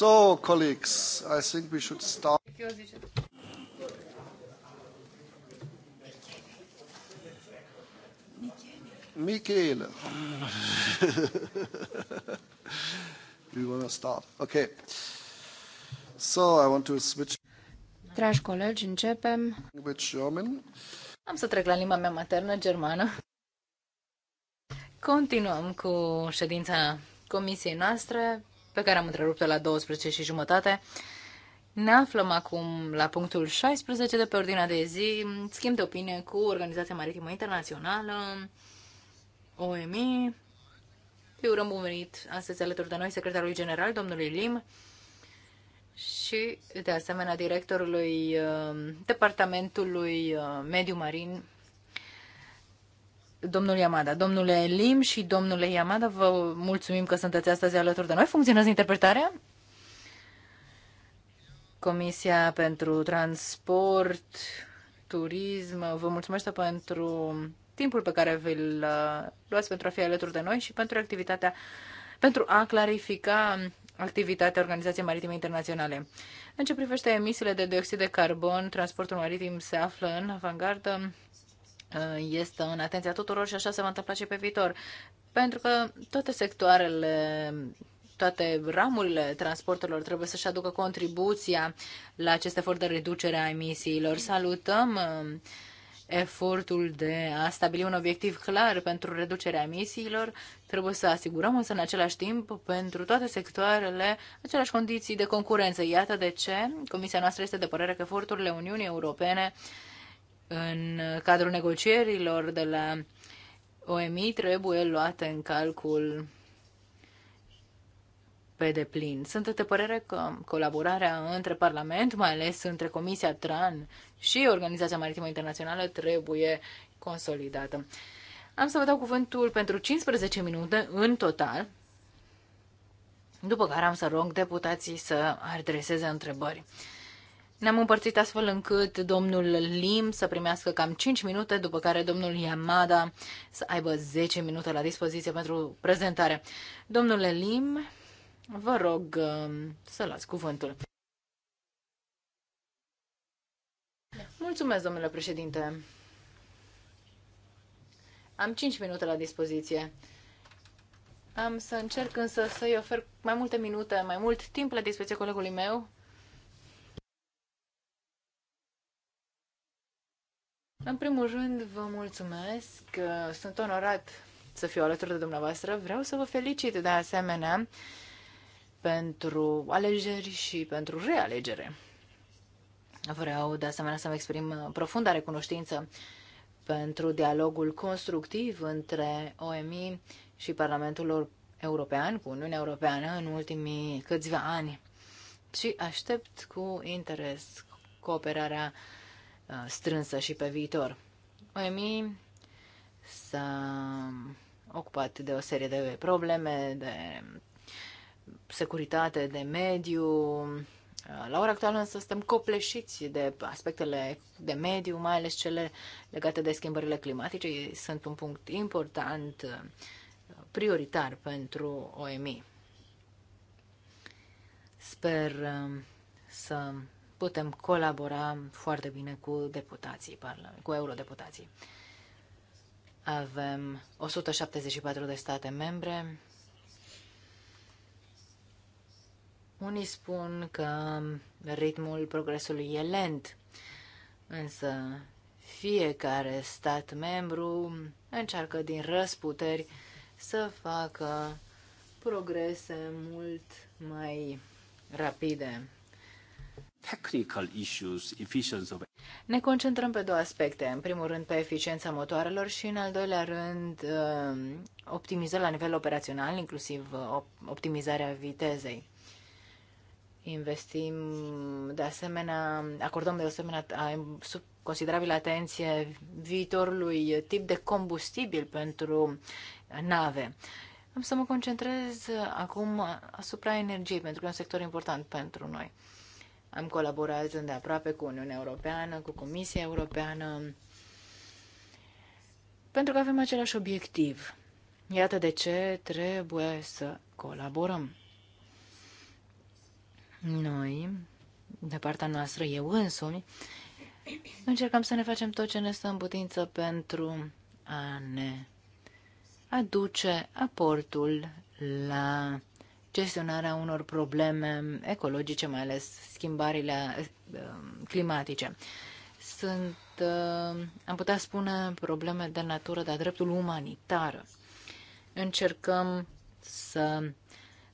So, colleagues, I think we should start. Michele. you want to start? Okay. So, I want to switch. Dragi colegi, începem. Am să trec la limba mea maternă, germană. Continuăm cu ședința comisiei noastre pe care am întrerupt-o la 12 și jumătate. Ne aflăm acum la punctul 16 de pe ordinea de zi, schimb de opinie cu Organizația Maritimă Internațională, OMI. Eu urăm bun venit astăzi alături de noi secretarului general, domnului Lim, și de asemenea directorului uh, Departamentului uh, Mediu Marin domnul Yamada. Domnule Lim și domnule Yamada, vă mulțumim că sunteți astăzi alături de noi. Funcționează interpretarea? Comisia pentru Transport, Turism, vă mulțumesc pentru timpul pe care vi-l uh, luați pentru a fi alături de noi și pentru activitatea, pentru a clarifica activitatea Organizației Maritime Internaționale. În ce privește emisiile de dioxid de carbon, transportul maritim se află în avangardă Uh, este în atenția tuturor și așa se va întâmpla și pe viitor. Pentru că toate sectoarele, toate ramurile transporturilor trebuie să-și aducă contribuția la acest efort de reducere a emisiilor. Salutăm uh, efortul de a stabili un obiectiv clar pentru reducerea emisiilor. Trebuie să asigurăm însă în același timp pentru toate sectoarele aceleași condiții de concurență. Iată de ce Comisia noastră este de părere că eforturile Uniunii Europene uh, în cadrul negocierilor de la OMI trebuie luate în calcul pe deplin. Sunt de părere că colaborarea între Parlament, mai ales între Comisia TRAN și Organizația Maritimă Internațională, trebuie consolidată. Am să vă dau cuvântul pentru 15 minute în total, după care am să rog deputații să adreseze întrebări. Ne-am împărțit astfel încât domnul Lim să primească cam 5 minute, după care domnul Yamada să aibă 10 minute la dispoziție pentru prezentare. Domnule Lim, vă rog um, să luați cuvântul. Mulțumesc, domnule președinte. Am 5 minute la dispoziție. Am să încerc însă să-i ofer mai multe minute, mai mult timp la dispoziție colegului meu, În primul rând, vă mulțumesc. că Sunt onorat să fiu alături de dumneavoastră. Vreau să vă felicit de asemenea pentru alegeri și pentru realegere. Vreau de asemenea să-mi exprim profunda recunoștință pentru dialogul constructiv între OMI și Parlamentul European cu Uniunea Europeană în ultimii câțiva ani și aștept cu interes cooperarea Uh, strânsă și pe viitor. OMI s-a ocupat de o serie de probleme, de securitate, de mediu. Uh, la ora actuală însă suntem copleșiți de aspectele de mediu, mai ales cele legate de schimbările climatice. Sunt un punct important, uh, prioritar pentru OMI. Sper să putem colabora foarte bine cu deputații, cu eurodeputații. Avem 174 de state membre. Unii spun că ritmul progresului e lent, însă fiecare stat membru încearcă din răsputeri să facă progrese mult mai rapide technical issues, efficiency of... Ne concentrăm pe două aspecte. În primul rând pe eficiența motoarelor și în al doilea rând um, optimizări la nivel operațional, inclusiv uh, optimizarea vitezei. Investim de asemenea, acordăm de asemenea sub considerabilă atenție viitorului tip de combustibil pentru nave. Am să mă concentrez acum asupra energiei, pentru că e un sector important pentru noi. Am colaborat îndeaproape cu Uniunea Europeană, cu Comisia Europeană, pentru că avem același obiectiv. Iată de ce trebuie să colaborăm. Noi, de partea noastră, eu însumi, încercăm să ne facem tot ce ne stă în putință pentru a ne aduce aportul la gestionarea unor probleme ecologice, mai ales schimbările um, climatice. Sunt, um, am putea spune, probleme de natură de-a dreptul umanitar. Încercăm să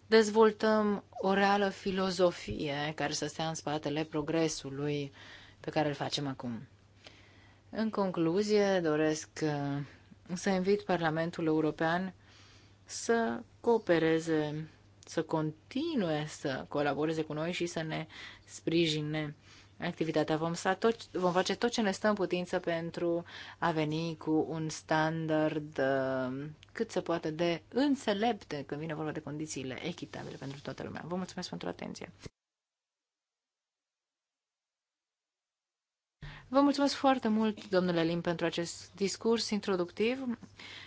dezvoltăm o reală filozofie care să stea în spatele progresului pe care îl facem acum. În concluzie, doresc uh, să invit Parlamentul European să coopereze să continue să colaboreze cu noi și să ne sprijine activitatea. Vom, sta tot, vom face tot ce ne stă în putință pentru a veni cu un standard uh, cât se poate de înțelept când vine vorba de condițiile echitabile pentru toată lumea. Vă mulțumesc pentru atenție! Vă mulțumesc foarte mult, domnule Lim, pentru acest discurs introductiv.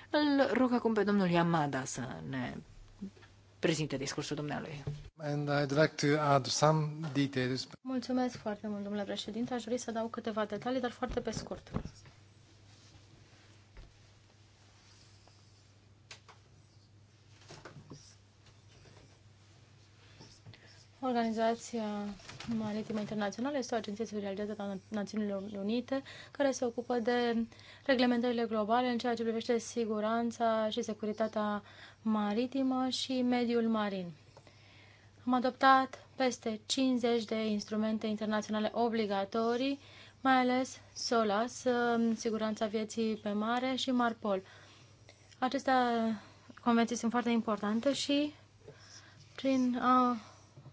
Îl rog acum pe domnul Yamada să ne prezinte discursul dumnealui. And I'd like to add some details. Mulțumesc foarte mult, domnule președinte. Aș vrea să dau câteva detalii, dar foarte pe scurt. Organizația Maritimă Internațională este o agenție specializată a Națiunilor Unite care se ocupă de reglementările globale în ceea ce privește siguranța și securitatea maritimă și mediul marin. Am adoptat peste 50 de instrumente internaționale obligatorii, mai ales SOLAS, um, siguranța vieții pe mare și MARPOL. Aceste convenții sunt foarte importante și prin a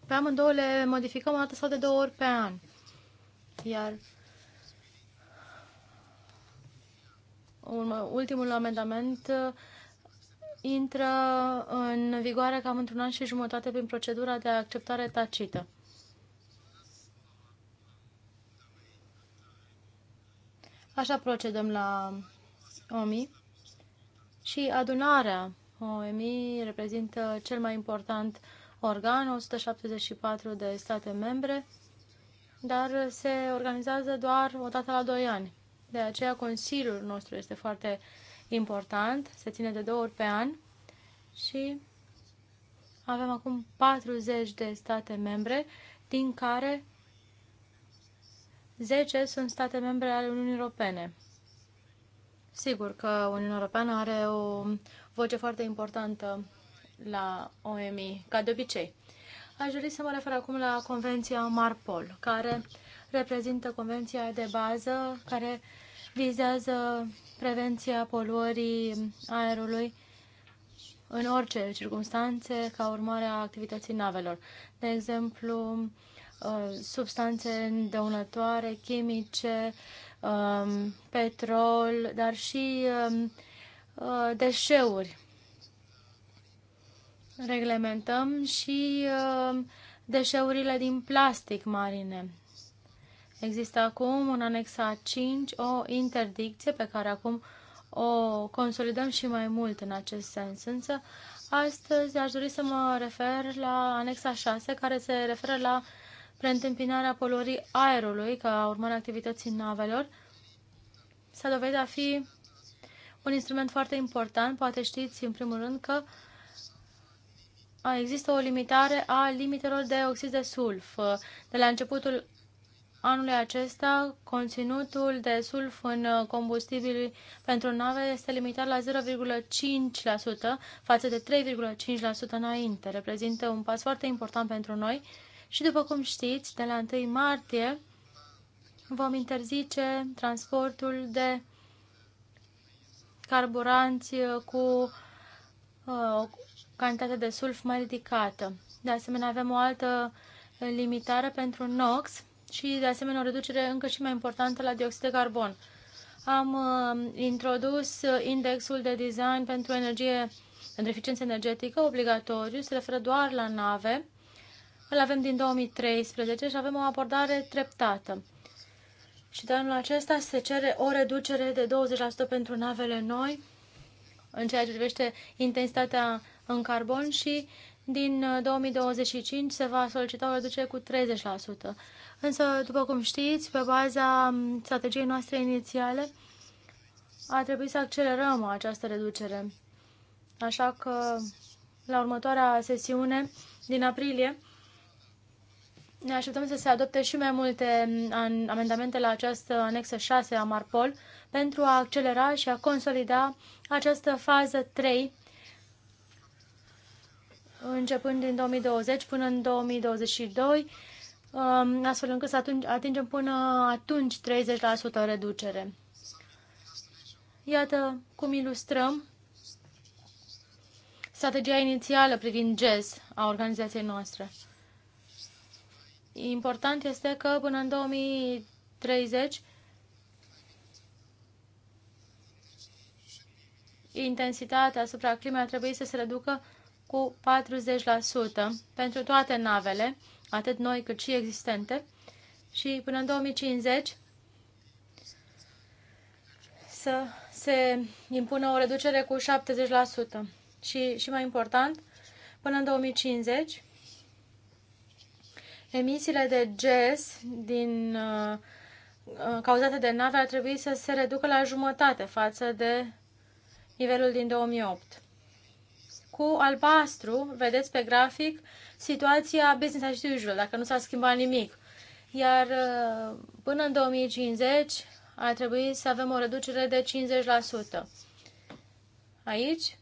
pe amândouă le modificăm o dată sau de două ori pe an. Iar ultimul amendament uh, intră în vigoare cam într-un an și jumătate prin procedura de acceptare tacită. Așa procedăm la OMI și adunarea OMI reprezintă cel mai important uh, organ, 174 de state membre, dar se organizează doar o dată la 2 ani. De aceea Consiliul nostru este foarte important, se ține de două ori pe an și avem acum 40 de state membre, din care 10 sunt state membre ale Uniunii Europene. Sigur că Uniunea Europeană are o voce foarte importantă la OMI, ca de obicei. Aș dori să mă refer acum la Convenția Marpol, care reprezintă convenția de bază care vizează prevenția poluării aerului în orice circunstanțe ca urmare a activității navelor. De exemplu, uh, substanțe dăunătoare, chimice, um, petrol, dar și um, uh, deșeuri reglementăm și uh, deșeurile din plastic marine. Există acum în anexa 5 o interdicție pe care acum o consolidăm și mai mult în acest sens. Însă astăzi aș dori să mă refer la anexa 6 care se referă la preîntâmpinarea poluării aerului ca urmare activității navelor. S-a dovedit a fi un instrument foarte important. Poate știți, în primul rând, că uh, există o limitare a limitelor de oxid de sulf. De la începutul anului acesta, conținutul de sulf în combustibili pentru nave este limitat la 0,5% față de 3,5% înainte. Reprezintă un pas foarte important pentru noi și, după cum știți, de la 1 martie vom interzice transportul de carburanți cu uh, cantitate de sulf mai ridicată. De asemenea, avem o altă limitare pentru NOx și, de asemenea, o reducere încă și mai importantă la dioxid de carbon. Am uh, introdus uh, indexul de design pentru energie, pentru eficiență energetică obligatoriu, se referă doar la nave. Îl avem din 2013 și avem o abordare treptată. Și de anul acesta se cere o reducere de 20% pentru navele noi, în ceea ce privește intensitatea în carbon și din 2025 uh, se va solicita o reducere cu 30%. Însă, după cum știți, pe baza um, strategiei noastre inițiale, a trebuit să accelerăm această reducere. Așa că, la următoarea sesiune din aprilie, ne așteptăm să se adopte și mai multe um, amendamente la această anexă 6 a Marpol pentru a accelera și a consolida această fază 3 începând din 2020 până în 2022, um, astfel încât să atingem până atunci 30% reducere. Iată cum ilustrăm strategia inițială privind GES a organizației noastre. Important este că până în 2030 intensitatea asupra climei ar trebui să se reducă cu 40% pentru toate navele, atât noi cât și existente, și până în 2050 să se impună o reducere cu 70%. Și, și mai important, până în 2050, emisiile de GES din, uh, uh, cauzate de nave ar trebui să se reducă la jumătate față de nivelul din 2008. Cu albastru, vedeți pe grafic, situația business as usual, dacă nu s-a schimbat nimic. Iar uh, până în 2050 ar trebui să avem o reducere de 50%. Aici,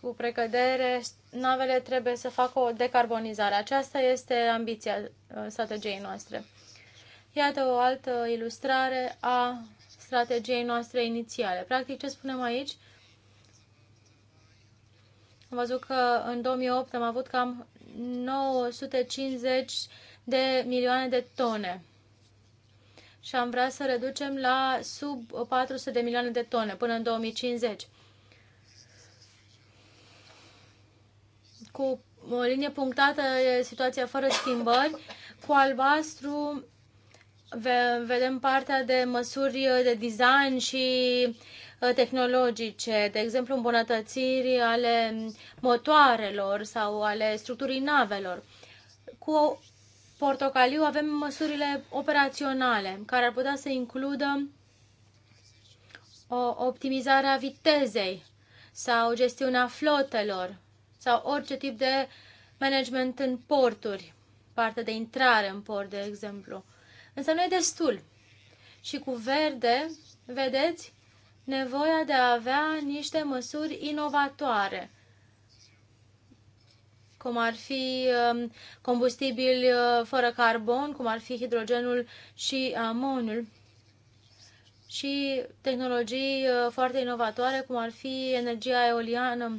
cu precădere, navele trebuie să facă o decarbonizare. Aceasta este ambiția uh, strategiei noastre. Iată o altă ilustrare a strategiei noastre inițiale. Practic, ce spunem aici? Am văzut că în 2008 am avut cam 950 de milioane de tone și am vrea să reducem la sub 400 de milioane de tone până în 2050. Cu o linie punctată e situația fără schimbări, cu albastru vedem partea de măsuri de design și Uh, tehnologice, de exemplu îmbunătățiri ale motoarelor sau ale structurii navelor. Cu portocaliu avem măsurile operaționale, care ar putea să includă o optimizare a vitezei sau gestiunea flotelor sau orice tip de management în porturi, partea de intrare în port, de exemplu. Însă nu e destul. Și cu verde, vedeți, nevoia de a avea niște măsuri inovatoare, cum ar fi um, combustibili uh, fără carbon, cum ar fi hidrogenul și amonul și tehnologii uh, foarte inovatoare, cum ar fi energia eoliană.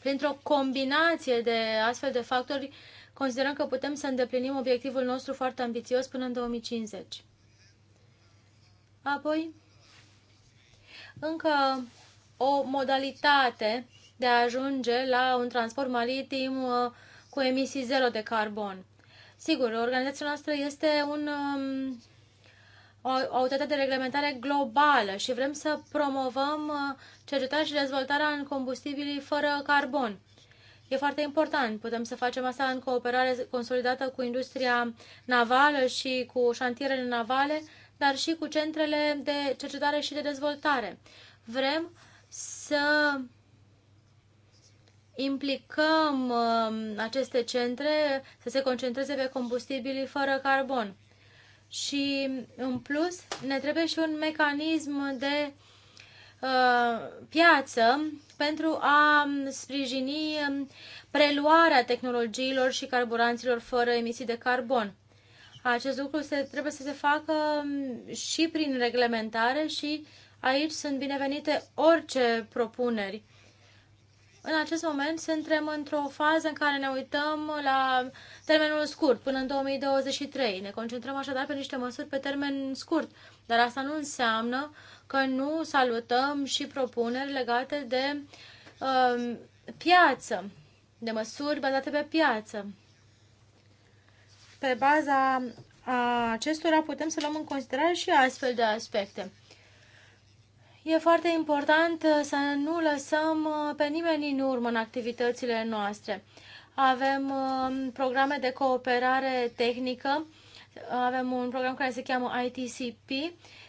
Printr-o combinație de astfel de factori, considerăm că putem să îndeplinim obiectivul nostru foarte ambițios până în 2050. Apoi, încă o modalitate de a ajunge la un transport maritim uh, cu emisii zero de carbon. Sigur, organizația noastră este un, um, o autoritate de reglementare globală și vrem să promovăm uh, cercetarea și dezvoltarea în combustibilii fără carbon. E foarte important. Putem să facem asta în cooperare consolidată cu industria navală și cu șantierele navale dar și cu centrele de cercetare și de dezvoltare. Vrem să implicăm um, aceste centre să se concentreze pe combustibilii fără carbon. Și, în plus, ne trebuie și un mecanism de uh, piață pentru a um, sprijini um, preluarea tehnologiilor și carburanților fără emisii de carbon. Acest lucru se, trebuie să se facă mm, și prin reglementare și aici sunt binevenite orice propuneri. În acest moment suntem într-o fază în care ne uităm la termenul scurt, până în 2023. Ne concentrăm așadar pe niște măsuri pe termen scurt, dar asta nu înseamnă că nu salutăm și propuneri legate de uh, piață, de măsuri bazate pe piață pe baza acestora putem să luăm în considerare și astfel de aspecte. E foarte important să nu lăsăm pe nimeni în urmă în activitățile noastre. Avem um, programe de cooperare tehnică, avem un program care se cheamă ITCP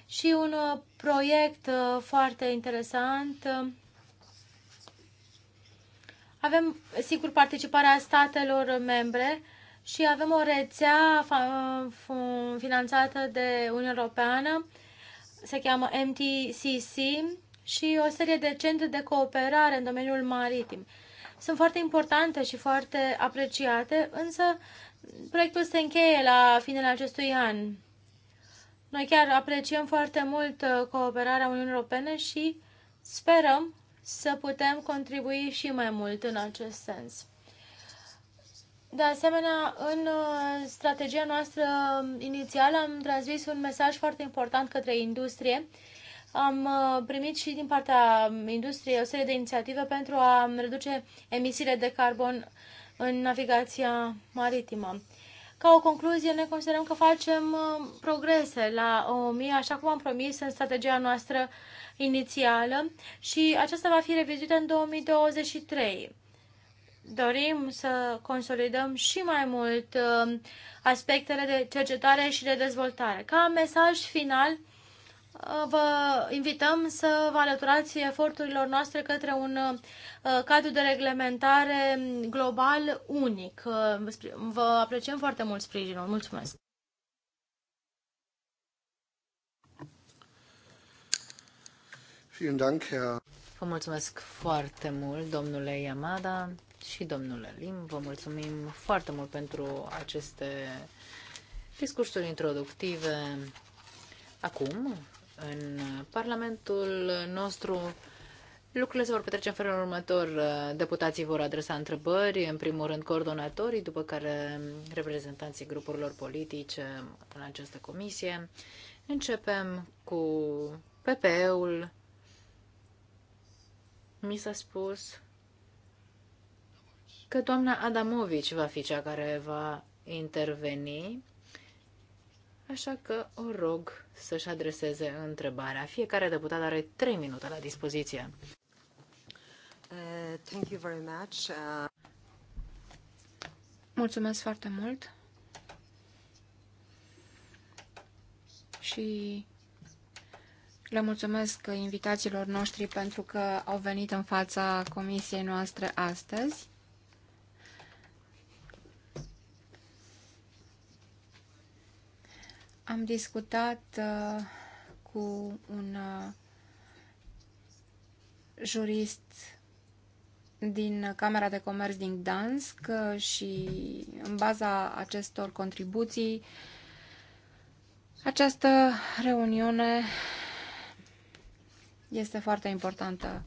și un uh, proiect uh, foarte interesant. Avem, sigur, participarea statelor membre și avem o rețea finanțată de Uniunea Europeană, se cheamă MTCC și o serie de centre de cooperare în domeniul maritim. Sunt foarte importante și foarte apreciate, însă proiectul se încheie la finele acestui an. Noi chiar apreciem foarte mult uh, cooperarea Uniunii Europene și sperăm să putem contribui și mai mult în acest sens. De asemenea, în uh, strategia noastră inițială am transmis un mesaj foarte important către industrie. Am uh, primit și din partea industriei o serie de inițiative pentru a reduce emisiile de carbon în navigația maritimă. Ca o concluzie, ne considerăm că facem uh, progrese la OMI, așa cum am promis în strategia noastră inițială și aceasta va fi revizuită în 2023 dorim să consolidăm și mai mult um, aspectele de cercetare și de dezvoltare. Ca mesaj final, uh, vă invităm să vă alăturați eforturilor noastre către un uh, cadru de reglementare global unic. Uh, vă apreciem foarte mult sprijinul. Mulțumesc! Vă mulțumesc foarte mult, domnule Yamada și domnule Lim. Vă mulțumim foarte mult pentru aceste discursuri introductive. Acum, în Parlamentul nostru, lucrurile se vor petrece în felul următor. Deputații vor adresa întrebări, în primul rând coordonatorii, după care reprezentanții grupurilor politice în această comisie. Începem cu PPE-ul. Mi s-a spus că doamna Adamovici va fi cea care va interveni, așa că o rog să-și adreseze întrebarea. Fiecare deputat are trei minute la dispoziție. Uh, thank you very much. Uh... Mulțumesc foarte mult. Și le mulțumesc invitațiilor noștri pentru că au venit în fața comisiei noastre astăzi. Am discutat uh, cu un uh, jurist din Camera de Comerț din Gdansk uh, și în baza acestor contribuții această reuniune este foarte importantă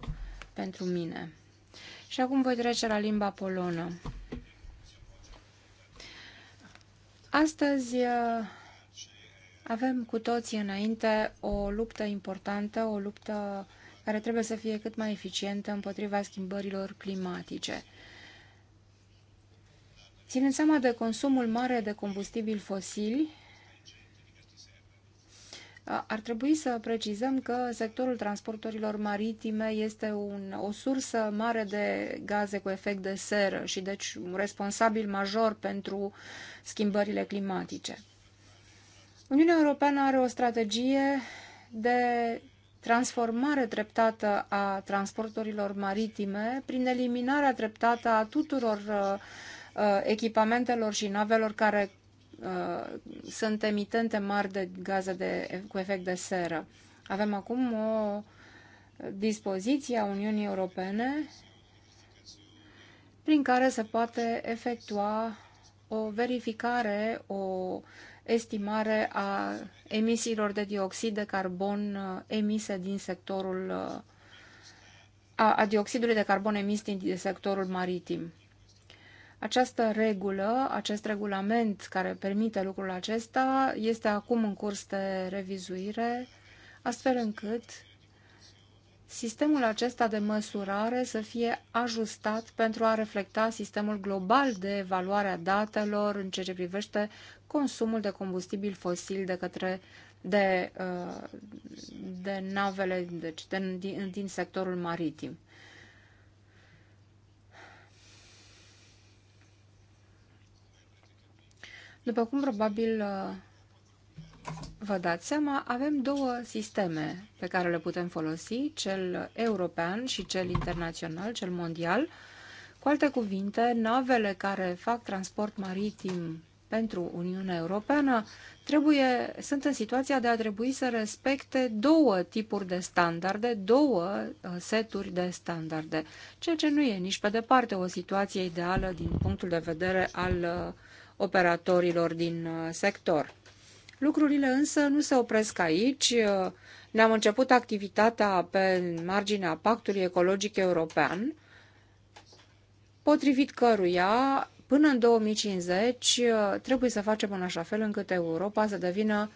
pentru mine. Și acum voi trece la limba polonă. Astăzi avem cu toții înainte o luptă importantă, o luptă care trebuie să fie cât mai eficientă împotriva schimbărilor climatice. Ținând seama de consumul mare de combustibili fosili, ar trebui să precizăm că sectorul transporturilor maritime este un, o sursă mare de gaze cu efect de seră și deci un responsabil major pentru schimbările climatice. Uniunea Europeană are o strategie de transformare treptată a transporturilor maritime prin eliminarea treptată a tuturor uh, uh, echipamentelor și navelor care uh, sunt emitente mari de gaze de, cu efect de seră. Avem acum o dispoziție a Uniunii Europene prin care se poate efectua o verificare, o estimare a emisiilor de dioxid de carbon uh, emise din sectorul uh, a, a dioxidului de carbon emis din sectorul maritim. Această regulă, acest regulament care permite lucrul acesta, este acum în curs de revizuire, astfel încât sistemul acesta de măsurare să fie ajustat pentru a reflecta sistemul global de evaluare a datelor în ceea ce privește consumul de combustibil fosil de către de, uh, de navele deci de, din, din sectorul maritim. După cum probabil uh, vă dați seama, avem două sisteme pe care le putem folosi, cel european și cel internațional, cel mondial. Cu alte cuvinte, navele care fac transport maritim pentru Uniunea Europeană trebuie, sunt în situația de a trebui să respecte două tipuri de standarde, două uh, seturi de standarde, ceea ce nu e nici pe departe o situație ideală din punctul de vedere al uh, operatorilor din uh, sector. Lucrurile însă nu se opresc aici. Ne-am început activitatea pe marginea Pactului Ecologic European, potrivit căruia Până în 2050 uh, trebuie să facem în așa fel încât Europa să devină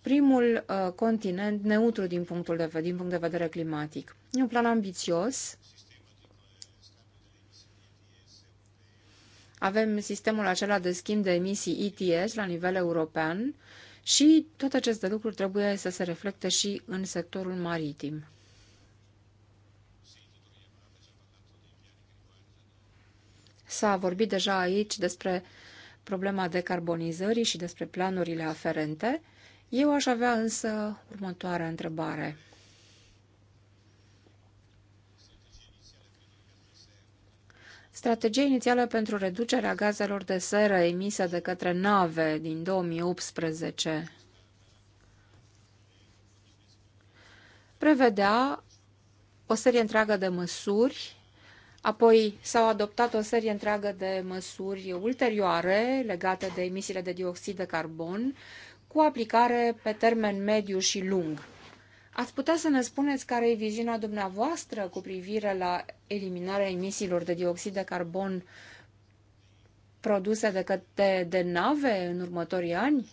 primul uh, continent neutru din, punctul de, din punct de vedere climatic. E un plan ambițios. Avem sistemul acela de schimb de emisii ETS la nivel european și toate aceste lucruri trebuie să se reflecte și în sectorul maritim. S-a vorbit deja aici despre problema decarbonizării și despre planurile aferente. Eu aș avea însă următoarea întrebare. Strategia inițială pentru reducerea gazelor de seră emise de către nave din 2018 prevedea o serie întreagă de măsuri Apoi s-au adoptat o serie întreagă de măsuri ulterioare legate de emisiile de dioxid de carbon, cu aplicare pe termen mediu și lung. Ați putea să ne spuneți care e viziunea dumneavoastră cu privire la eliminarea emisiilor de dioxid de carbon produse de, către, de nave în următorii ani?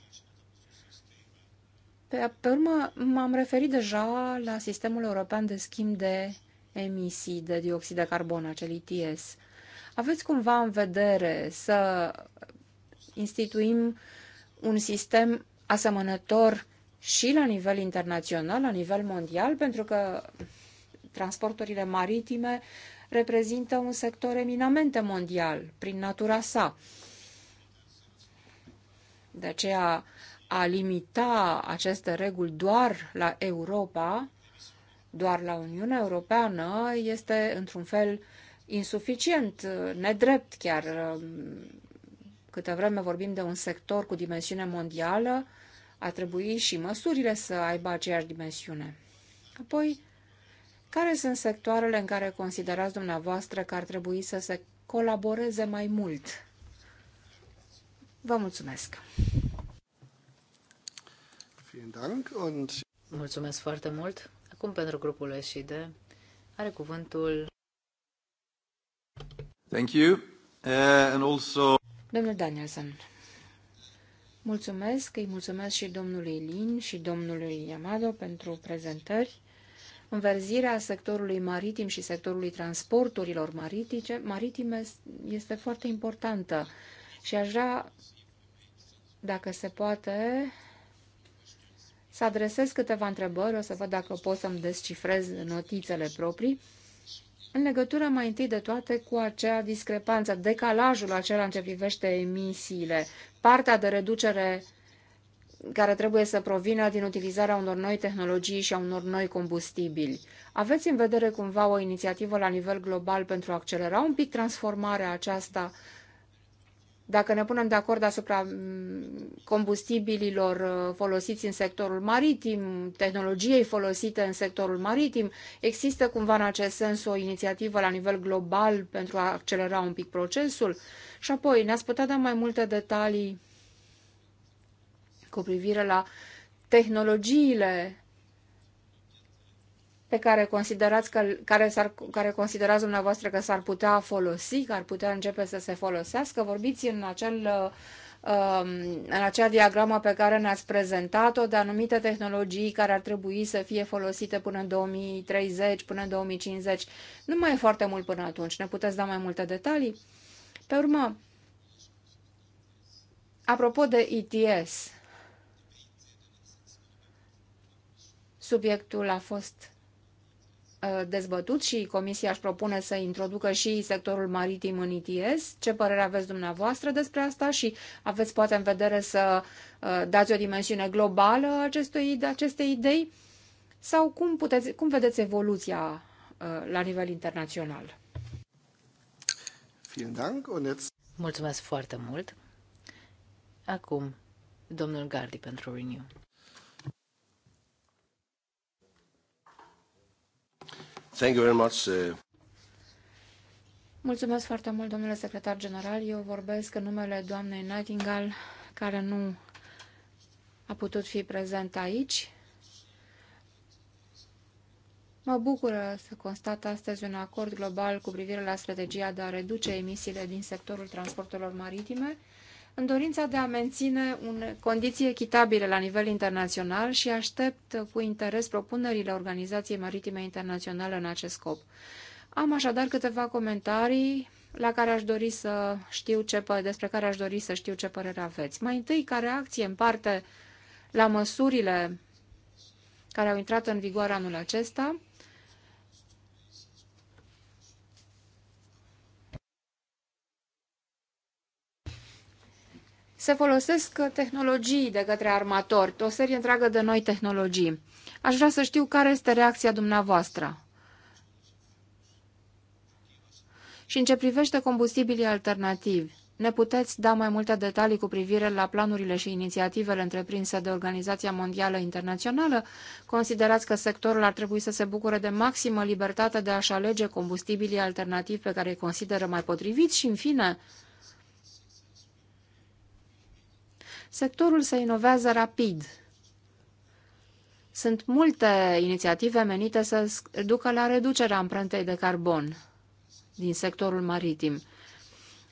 Pe, pe urmă, m-am referit deja la sistemul european de schimb de emisii de dioxid de carbon, acel ITS. Aveți cumva în vedere să instituim un sistem asemănător și la nivel internațional, la nivel mondial, pentru că transporturile maritime reprezintă un sector eminamente mondial prin natura sa. De aceea, a limita aceste reguli doar la Europa doar la Uniunea Europeană este într-un fel insuficient, nedrept chiar. Câte vreme vorbim de un sector cu dimensiune mondială, a trebui și măsurile să aibă aceeași dimensiune. Apoi, care sunt sectoarele în care considerați dumneavoastră că ar trebui să se colaboreze mai mult? Vă mulțumesc! Mulțumesc foarte mult! Acum pentru grupul SID are cuvântul. Thank you. Uh, and also... Domnul Danielson, mulțumesc, îi mulțumesc și domnului Lin și domnului Yamado pentru prezentări. Înverzirea sectorului maritim și sectorului transporturilor maritice, maritime este foarte importantă și aș vrea, dacă se poate, să adresez câteva întrebări, o să văd dacă pot să-mi descifrez notițele proprii, în legătură mai întâi de toate cu acea discrepanță, decalajul acela în ce privește emisiile, partea de reducere care trebuie să provină din utilizarea unor noi tehnologii și a unor noi combustibili. Aveți în vedere cumva o inițiativă la nivel global pentru a accelera un pic transformarea aceasta dacă ne punem de acord asupra mm, combustibililor uh, folosiți în sectorul maritim, tehnologiei folosite în sectorul maritim, există cumva în acest sens o inițiativă la nivel global pentru a accelera un pic procesul? Și apoi, ne-ați putea da mai multe detalii cu privire la tehnologiile pe care considerați că, care, s-ar, care considerați dumneavoastră că s-ar putea folosi, că ar putea începe să se folosească. Vorbiți în acel um, în acea diagramă pe care ne-ați prezentat-o de anumite tehnologii care ar trebui să fie folosite până în 2030, până în 2050. Nu mai e foarte mult până atunci. Ne puteți da mai multe detalii? Pe urmă, apropo de ETS, subiectul a fost Uh, dezbătut și Comisia își propune să introducă și sectorul maritim în ITS. Ce părere aveți dumneavoastră despre asta și aveți poate în vedere să uh, dați o dimensiune globală acestui, acestei idei? Sau cum, puteți, cum vedeți evoluția uh, la nivel internațional? Mulțumesc foarte mult! Acum, domnul Gardi pentru Renew. Thank you very much. Mulțumesc foarte mult, domnule secretar general. Eu vorbesc în numele doamnei Nightingale, care nu a putut fi prezent aici. Mă bucură să constat astăzi un acord global cu privire la strategia de a reduce emisiile din sectorul transporturilor maritime, în dorința de a menține o condiții echitabile la nivel internațional și aștept cu interes propunerile Organizației Maritime Internaționale în acest scop. Am așadar câteva comentarii la care aș dori să știu ce, despre care aș dori să știu ce părere aveți. Mai întâi, ca reacție în parte la măsurile care au intrat în vigoare anul acesta, se folosesc tehnologii de către armatori, o serie întreagă de noi tehnologii. Aș vrea să știu care este reacția dumneavoastră. Și în ce privește combustibilii alternativi, ne puteți da mai multe detalii cu privire la planurile și inițiativele întreprinse de Organizația Mondială Internațională? Considerați că sectorul ar trebui să se bucure de maximă libertate de a-și alege combustibilii alternativi pe care îi consideră mai potriviți și, în fine, Sectorul se inovează rapid. Sunt multe inițiative menite să ducă la reducerea amprentei de carbon din sectorul maritim.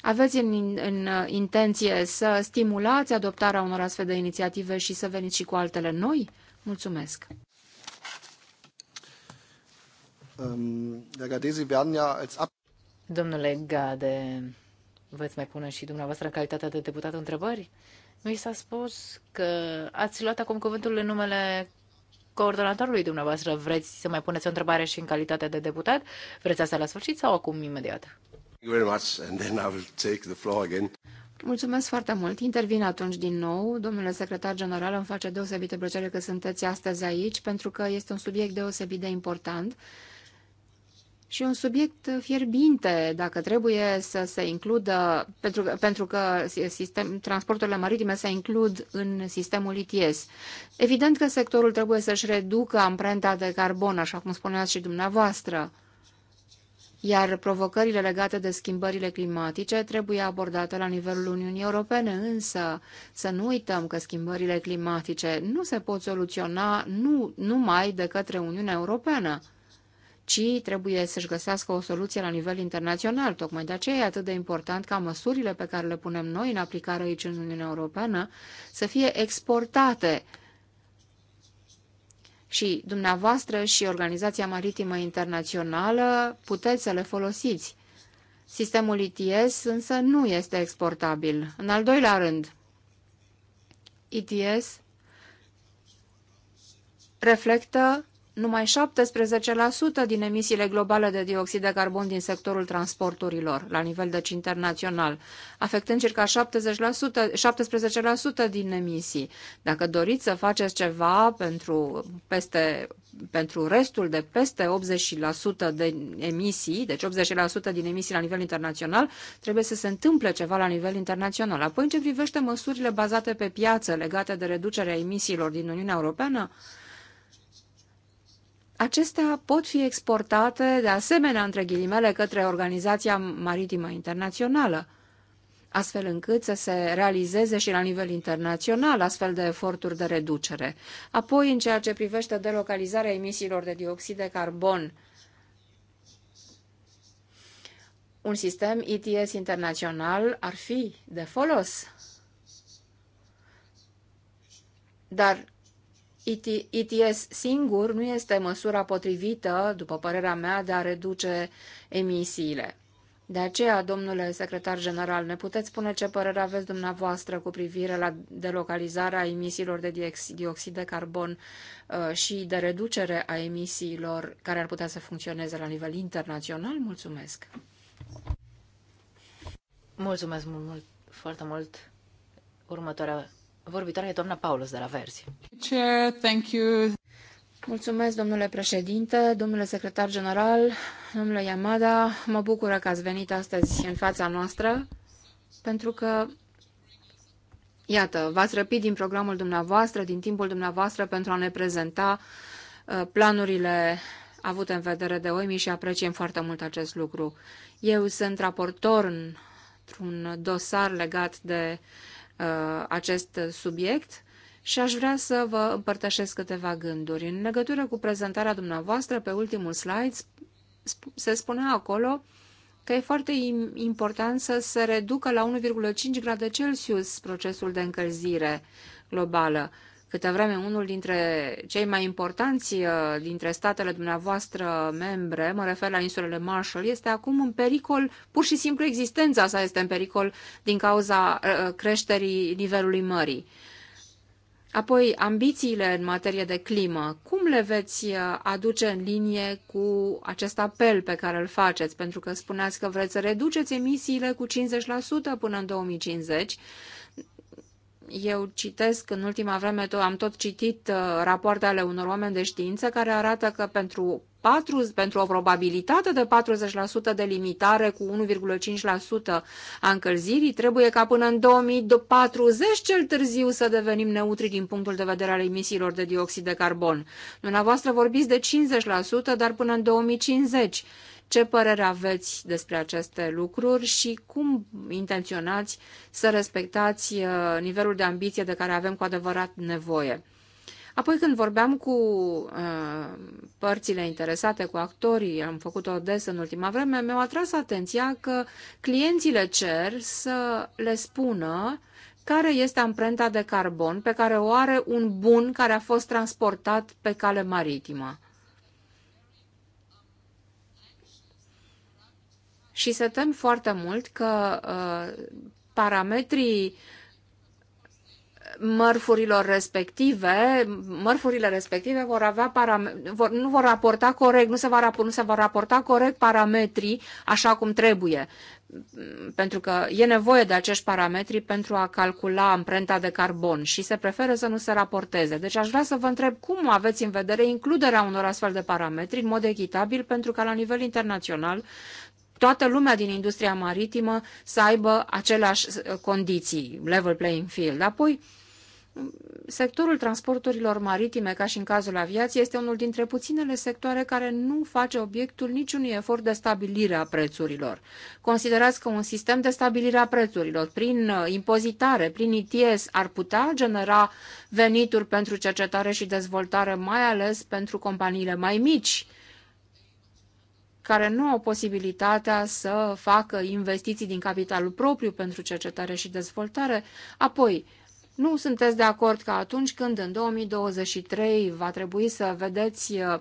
Aveți în, în uh, intenție să stimulați adoptarea unor astfel de inițiative și să veniți și cu altele noi? Mulțumesc! Um, Domnule Gade, veți mai pune și dumneavoastră în calitate de deputat întrebări? Mi s-a spus că ați luat acum cuvântul în numele coordonatorului dumneavoastră. Vreți să mai puneți o întrebare și în calitate de deputat? Vreți asta la sfârșit sau acum imediat? Mulțumesc foarte mult. Intervin atunci din nou. Domnule secretar general, îmi face deosebită plăcere că sunteți astăzi aici, pentru că este un subiect deosebit de important și un subiect fierbinte, dacă trebuie să se includă, pentru, pentru că sistem, transporturile maritime se includ în sistemul ITS. Evident că sectorul trebuie să-și reducă amprenta de carbon, așa cum spuneați și dumneavoastră, iar provocările legate de schimbările climatice trebuie abordate la nivelul Uniunii Europene, însă să nu uităm că schimbările climatice nu se pot soluționa nu, numai de către Uniunea Europeană ci trebuie să-și găsească o soluție la nivel internațional. Tocmai de aceea e atât de important ca măsurile pe care le punem noi în aplicare aici în Uniunea Europeană să fie exportate și dumneavoastră și Organizația Maritimă Internațională puteți să le folosiți. Sistemul ITS însă nu este exportabil. În al doilea rând, ITS reflectă numai 17% din emisiile globale de dioxid de carbon din sectorul transporturilor, la nivel deci internațional, afectând circa 70%, 17% din emisii. Dacă doriți să faceți ceva pentru, peste, pentru restul de peste 80% de emisii, deci 80% din emisii la nivel internațional, trebuie să se întâmple ceva la nivel internațional. Apoi, în ce privește măsurile bazate pe piață legate de reducerea emisiilor din Uniunea Europeană, Acestea pot fi exportate, de asemenea, între ghilimele, către Organizația Maritimă Internațională, astfel încât să se realizeze și la nivel internațional astfel de eforturi de reducere. Apoi, în ceea ce privește delocalizarea emisiilor de dioxid de carbon, un sistem ETS internațional ar fi de folos. Dar ETS singur nu este măsura potrivită, după părerea mea, de a reduce emisiile. De aceea, domnule secretar general, ne puteți spune ce părere aveți dumneavoastră cu privire la delocalizarea emisiilor de dioxid de carbon uh, și de reducere a emisiilor care ar putea să funcționeze la nivel internațional? Mulțumesc! Mulțumesc mult, mult foarte mult. Următoarea Vorbitoare doamna Paulus de la Verzi. Chair, thank you. Mulțumesc, domnule președinte, domnule secretar general, domnule Yamada. Mă bucură că ați venit astăzi în fața noastră, pentru că, iată, v-ați răpit din programul dumneavoastră, din timpul dumneavoastră, pentru a ne prezenta uh, planurile avute în vedere de OIMI și apreciem foarte mult acest lucru. Eu sunt raportor într-un dosar legat de uh, Uh, acest subiect și aș vrea să vă împărtășesc câteva gânduri. În legătură cu prezentarea dumneavoastră, pe ultimul slide, se spunea acolo că e foarte important să se reducă la 1,5 grade Celsius procesul de încălzire globală câtă vreme unul dintre cei mai importanți uh, dintre statele dumneavoastră membre, mă refer la insulele Marshall, este acum în pericol, pur și simplu existența sa este în pericol din cauza uh, creșterii nivelului mării. Apoi, ambițiile în materie de climă, cum le veți uh, aduce în linie cu acest apel pe care îl faceți? Pentru că spuneați că vreți să reduceți emisiile cu 50% până în 2050 eu citesc în ultima vreme, am tot citit uh, rapoarte ale unor oameni de știință care arată că pentru, 4, pentru o probabilitate de 40% de limitare cu 1,5% a încălzirii, trebuie ca până în 2040 cel târziu să devenim neutri din punctul de vedere al emisiilor de dioxid de carbon. Dumneavoastră vorbiți de 50%, dar până în 2050. Ce părere aveți despre aceste lucruri și cum intenționați să respectați uh, nivelul de ambiție de care avem cu adevărat nevoie? Apoi când vorbeam cu uh, părțile interesate, cu actorii, am făcut-o des în ultima vreme, mi-au atras atenția că clienții le cer să le spună care este amprenta de carbon pe care o are un bun care a fost transportat pe cale maritimă. și se tem foarte mult că uh, parametrii mărfurilor respective, mărfurile respective vor avea vor, nu vor raporta corect, nu se, va raporta, nu se vor raporta corect parametrii așa cum trebuie. Pentru că e nevoie de acești parametri pentru a calcula amprenta de carbon și se preferă să nu se raporteze. Deci aș vrea să vă întreb cum aveți în vedere includerea unor astfel de parametri în mod echitabil pentru ca la nivel internațional toată lumea din industria maritimă să aibă aceleași uh, condiții, level playing field. Apoi, sectorul transporturilor maritime, ca și în cazul aviației, este unul dintre puținele sectoare care nu face obiectul niciunui efort de stabilire a prețurilor. Considerați că un sistem de stabilire a prețurilor prin uh, impozitare, prin ITS, ar putea genera venituri pentru cercetare și dezvoltare, mai ales pentru companiile mai mici, care nu au posibilitatea să facă investiții din capitalul propriu pentru cercetare și dezvoltare. Apoi, nu sunteți de acord că atunci când în 2023 va trebui să vedeți uh,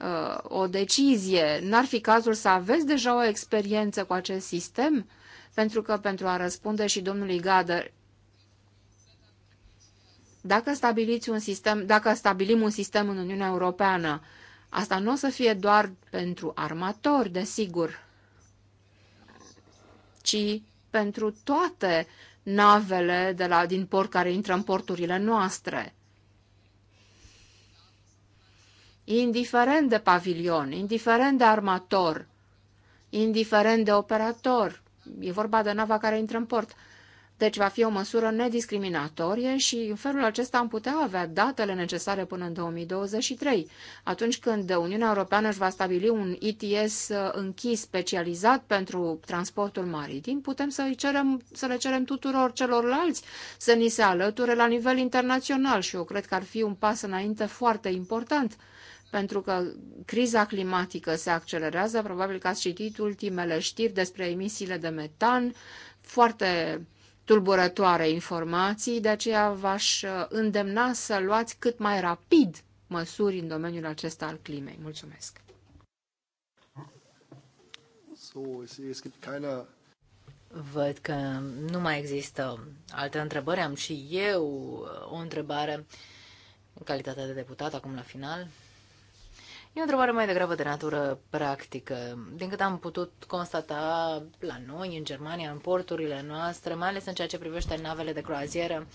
uh, o decizie, n-ar fi cazul să aveți deja o experiență cu acest sistem? Pentru că, pentru a răspunde și domnului Gader, dacă, stabiliți un sistem, dacă stabilim un sistem în Uniunea Europeană Asta nu o să fie doar pentru armatori, desigur, ci pentru toate navele de la, din port care intră în porturile noastre. Indiferent de pavilion, indiferent de armator, indiferent de operator, e vorba de nava care intră în port, deci va fi o măsură nediscriminatorie și în felul acesta am putea avea datele necesare până în 2023, atunci când Uniunea Europeană își va stabili un ETS uh, închis specializat pentru transportul maritim, putem să, cerem, să le cerem tuturor celorlalți să ni se alăture la nivel internațional și eu cred că ar fi un pas înainte foarte important pentru că criza climatică se accelerează. Probabil că ați citit ultimele știri despre emisiile de metan, foarte tulburătoare informații, de aceea v-aș uh, îndemna să luați cât mai rapid măsuri în domeniul acesta al climei. Mulțumesc! Văd că nu mai există alte întrebări. Am și eu uh, o întrebare în calitate de deputat acum la final. E o întrebare mai degrabă de natură practică. Din cât am putut constata la noi, în Germania, în porturile noastre, mai ales în ceea ce privește navele de croazieră,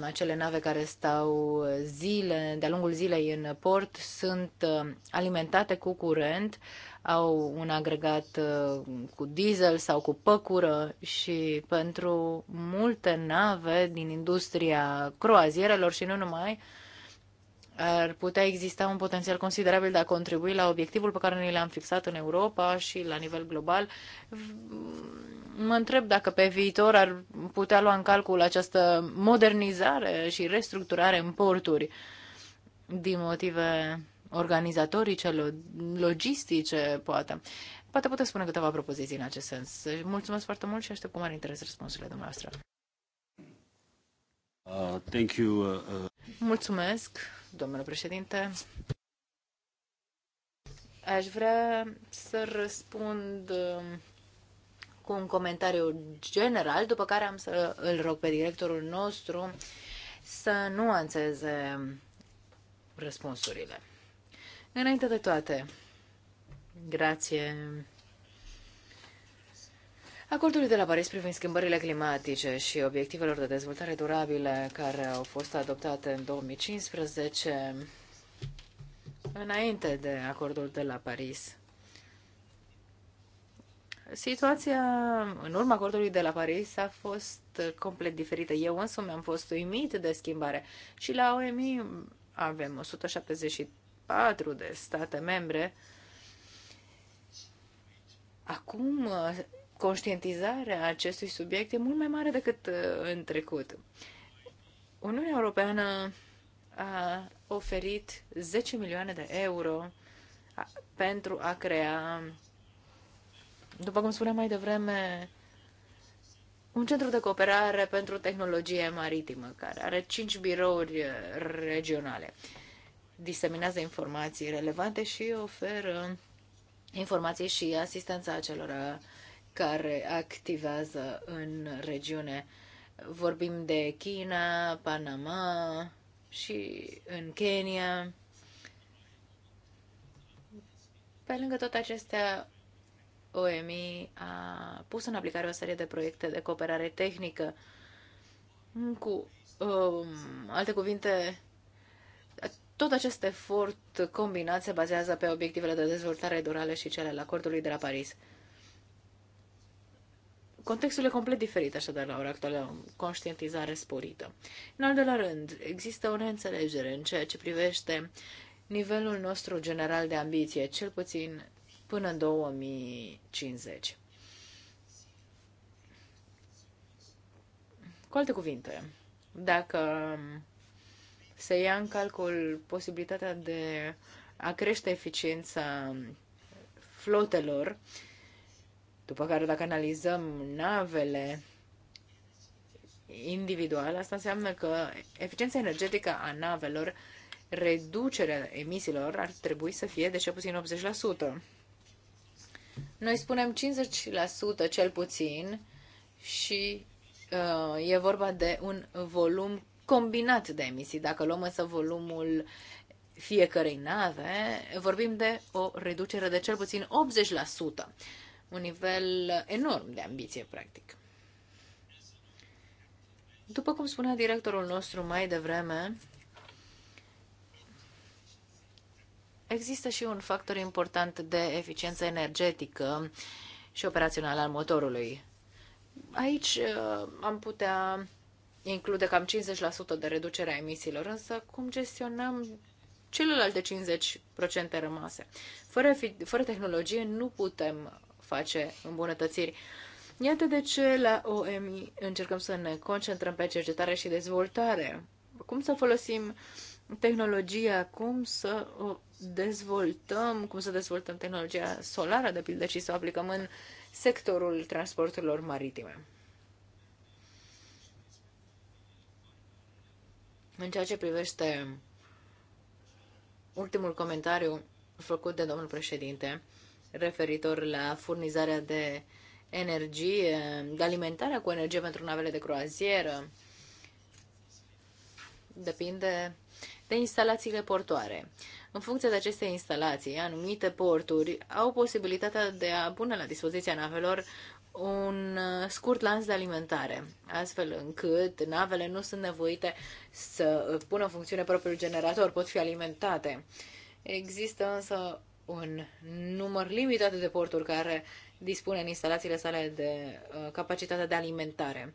acele nave care stau zile, de-a lungul zilei în port, sunt uh, alimentate cu curent, au un agregat uh, cu diesel sau cu păcură și pentru multe nave din industria croazierelor și nu numai, ar putea exista un potențial considerabil de a contribui la obiectivul pe care ni l-am fixat în Europa și la nivel global. Mă întreb dacă pe viitor ar putea lua în calcul această modernizare și restructurare în porturi din motive organizatorice, logistice, poate. Poate puteți spune câteva propoziții în acest sens. Mulțumesc foarte mult și aștept cu mare interes răspunsurile dumneavoastră. Uh, thank you, uh, uh. Mulțumesc, domnule președinte. Aș vrea să răspund um, cu un comentariu general, după care am să îl rog pe directorul nostru să nuanțeze răspunsurile. Înainte de toate, grație Acordul de la Paris privind schimbările climatice și obiectivelor de dezvoltare durabile care au fost adoptate în 2015, înainte de acordul de la Paris. Situația în urma acordului de la Paris a fost complet diferită. Eu însumi am fost uimit de schimbare și la OMI avem 174 de state membre. Acum conștientizarea acestui subiect e mult mai mare decât uh, în trecut. Uniunea Europeană a oferit 10 milioane de euro pentru a crea, după cum spuneam mai devreme, un centru de cooperare pentru tehnologie maritimă, care are 5 birouri uh, regionale. Diseminează informații relevante și oferă informații și asistența acelora care activează în regiune. Vorbim de China, Panama și în Kenya. Pe lângă tot acestea, OMI a pus în aplicare o serie de proiecte de cooperare tehnică cu um, alte cuvinte, tot acest efort combinat se bazează pe obiectivele de dezvoltare durală și cele ale acordului de la Paris. Contextul e complet diferit așadar la ora actuală, o conștientizare sporită. În al doilea rând, există o neînțelegere în ceea ce privește nivelul nostru general de ambiție, cel puțin până în 2050. Cu alte cuvinte, dacă se ia în calcul posibilitatea de a crește eficiența flotelor, uh, după care, dacă analizăm navele individual, asta înseamnă că eficiența energetică a navelor, reducerea emisiilor, ar trebui să fie de cel puțin 80%. Noi spunem 50% cel puțin și uh, e vorba de un volum combinat de emisii. Dacă luăm însă volumul fiecărei nave, vorbim de o reducere de cel puțin 80% un nivel enorm de ambiție, practic. După cum spunea directorul nostru mai devreme, există și un factor important de eficiență energetică și operațională al motorului. Aici uh, am putea include cam 50% de reducere a emisiilor, însă cum gestionăm celelalte 50% rămase? Fără, fi, fără tehnologie nu putem face îmbunătățiri. Iată de ce la OMI încercăm să ne concentrăm pe cercetare și dezvoltare. Cum să folosim tehnologia, cum să o dezvoltăm, cum să dezvoltăm tehnologia solară, de pildă, și să o aplicăm în sectorul transporturilor maritime. În ceea ce privește ultimul comentariu făcut de domnul președinte, referitor la furnizarea de energie, de alimentarea cu energie pentru navele de croazieră. Depinde de instalațiile portoare. În funcție de aceste instalații, anumite porturi au posibilitatea de a pune la dispoziția navelor un uh, scurt lanț de alimentare, astfel încât navele nu sunt nevoite să pună în funcțiune propriul generator, pot fi alimentate. Există însă un număr limitat de porturi care dispune în instalațiile sale de uh, capacitatea de alimentare.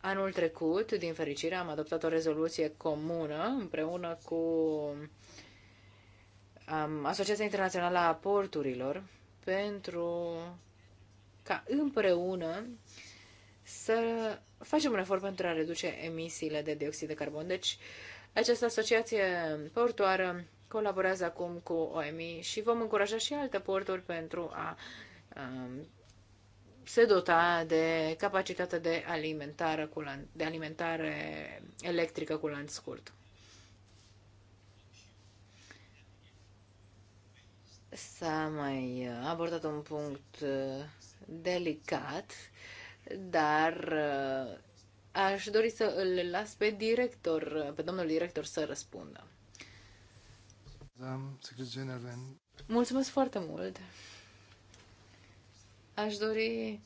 Anul trecut, din fericire, am adoptat o rezoluție comună împreună cu um, Asociația Internațională a Porturilor pentru ca împreună să facem un efort pentru a reduce emisiile de dioxid de carbon. Deci, această asociație portoară colaborează acum cu OMI și vom încuraja și alte porturi pentru a um, se dota de capacitatea de, cu lan- de alimentare electrică cu lanț scurt. S-a mai uh, abordat un punct uh, delicat, dar uh, aș dori să îl las pe director, pe domnul director să răspundă. Mulțumesc foarte mult! Aș dori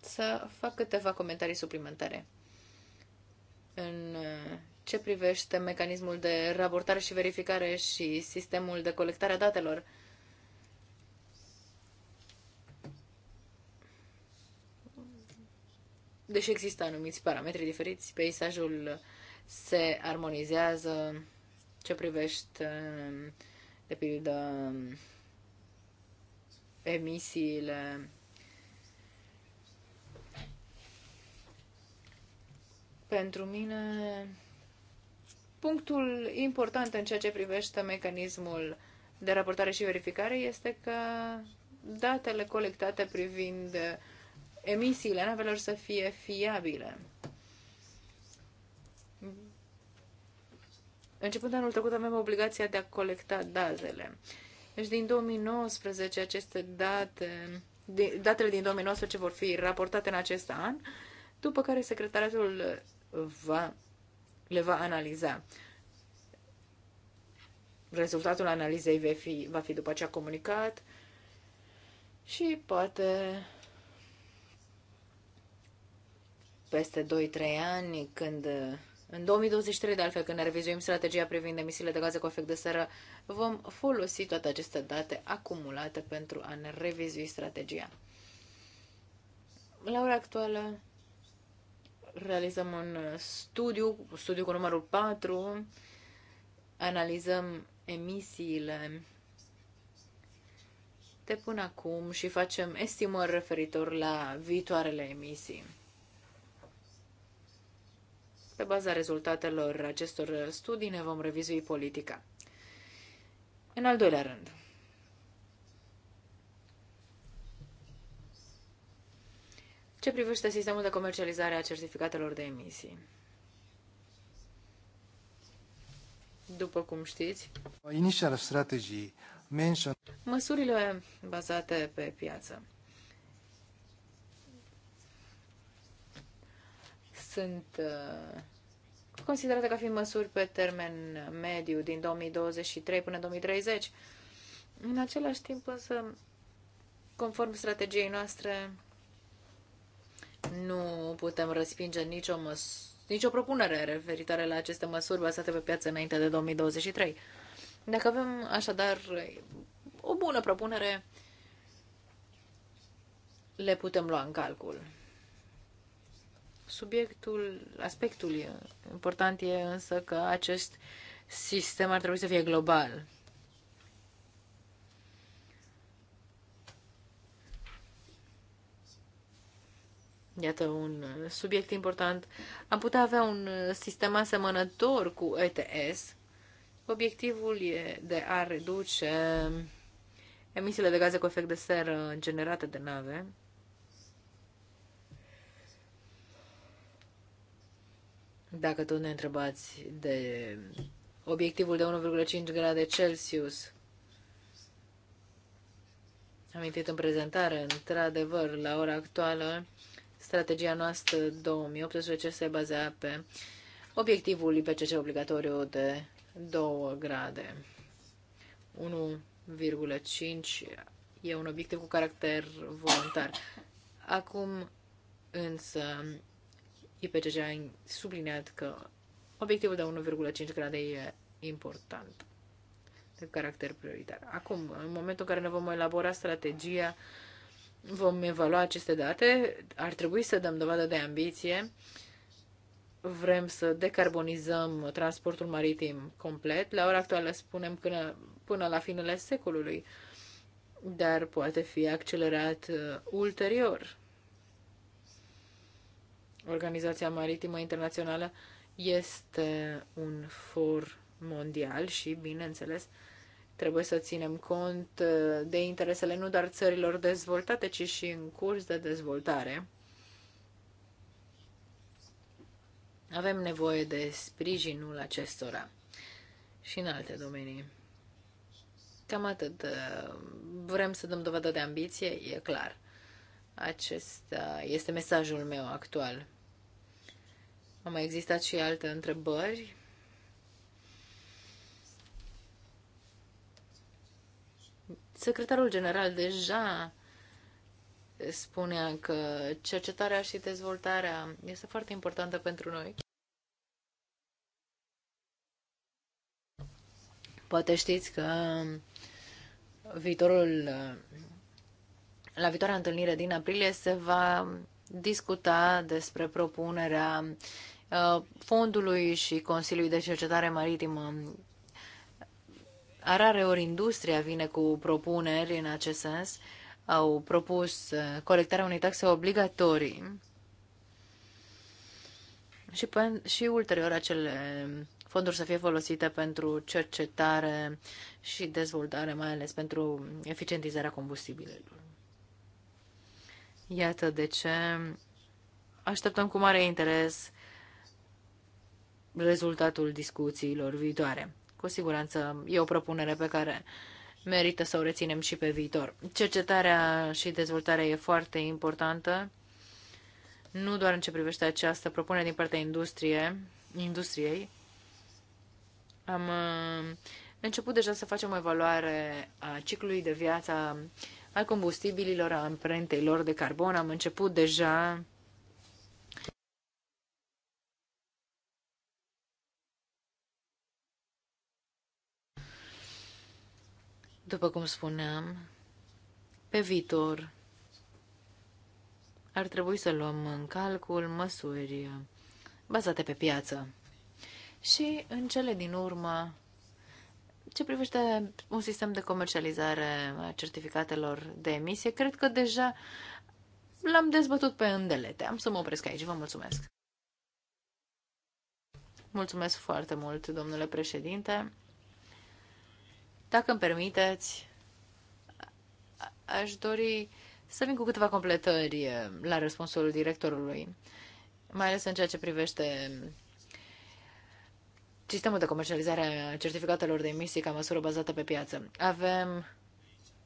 să fac câteva comentarii suplimentare. În uh, ce privește mecanismul de raportare și verificare și sistemul de colectare a datelor, deși există anumiți parametri diferiți, peisajul se armonizează ce privește uh, de pildă emisiile pentru mine punctul important în ceea ce privește mecanismul de raportare și verificare este că datele colectate privind emisiile navelor să fie fiabile. Începând de anul trecut avem obligația de a colecta datele. Deci din 2019 aceste date, datele din 2019 vor fi raportate în acest an, după care secretariatul va, le va analiza. Rezultatul analizei va fi, va fi după a comunicat și poate peste 2-3 ani, când în 2023, de altfel, când ne revizuim strategia privind emisiile de gaze cu efect de seră, vom folosi toate aceste date acumulate pentru a ne revizui strategia. La ora actuală realizăm un studiu, studiu cu numărul 4, analizăm emisiile de până acum și facem estimări referitor la viitoarele emisii. Pe baza rezultatelor acestor studii ne vom revizui politica. În al doilea rând, ce privește sistemul de comercializare a certificatelor de emisii. După cum știți, Initial strategy mentioned... măsurile bazate pe piață sunt uh, considerate ca fiind măsuri pe termen mediu din 2023 până 2030. În același timp însă, conform strategiei noastre, nu putem respinge nicio, măs- nicio propunere referitoare la aceste măsuri bazate pe piață înainte de 2023. Dacă avem așadar o bună propunere, le putem lua în calcul. Subiectul, aspectul important e însă că acest sistem ar trebui să fie global. Iată un subiect important. Am putea avea un sistem asemănător cu ETS. Obiectivul e de a reduce emisiile de gaze cu efect de seră generate de nave Dacă tot ne întrebați de obiectivul de 1,5 grade Celsius, amintit în prezentare, într-adevăr, la ora actuală, strategia noastră 2018 se bazea pe obiectivul IPCC obligatoriu de 2 grade. 1,5 e un obiectiv cu caracter voluntar. Acum însă IPCC a subliniat că obiectivul de 1,5 grade e important, de caracter prioritar. Acum, în momentul în care ne vom elabora strategia, vom evalua aceste date, ar trebui să dăm dovadă de ambiție, vrem să decarbonizăm transportul maritim complet. La ora actuală spunem până, până la finele secolului, dar poate fi accelerat uh, ulterior. Organizația Maritimă Internațională este un for mondial și, bineînțeles, trebuie să ținem cont uh, de interesele nu doar țărilor dezvoltate, ci și în curs de dezvoltare. Avem nevoie de sprijinul acestora și în alte domenii. Cam atât. Uh, vrem să dăm dovadă de ambiție, e clar. Acesta este mesajul meu actual. Au mai existat și alte întrebări. Secretarul general deja spunea că cercetarea și dezvoltarea este foarte importantă pentru noi. Poate știți că viitorul, la viitoarea întâlnire din aprilie se va discuta despre propunerea uh, fondului și Consiliului de Cercetare Maritimă. Arare ori industria vine cu propuneri în acest sens. Au propus uh, colectarea unei taxe obligatorii și, pe, și ulterior acele fonduri să fie folosite pentru cercetare și dezvoltare, mai ales pentru eficientizarea combustibilelor. Iată de ce așteptăm cu mare interes rezultatul discuțiilor viitoare. Cu siguranță e o propunere pe care merită să o reținem și pe viitor. Cercetarea și dezvoltarea e foarte importantă, nu doar în ce privește această propunere din partea industrie, industriei. Am uh, început deja să facem o evaluare a ciclului de viață al combustibililor, a amprentei lor de carbon. Am început deja După cum spuneam, pe viitor ar trebui să luăm în calcul măsuri bazate pe piață. Și, în cele din urmă, ce privește un sistem de comercializare a certificatelor de emisie, cred că deja l-am dezbătut pe îndelete. Am să mă opresc aici. Vă mulțumesc. Mulțumesc foarte mult, domnule președinte. Dacă îmi permiteți, aș dori să vin cu câteva completări la răspunsul directorului, mai ales în ceea ce privește sistemul de comercializare a certificatelor de emisii ca măsură bazată pe piață. Avem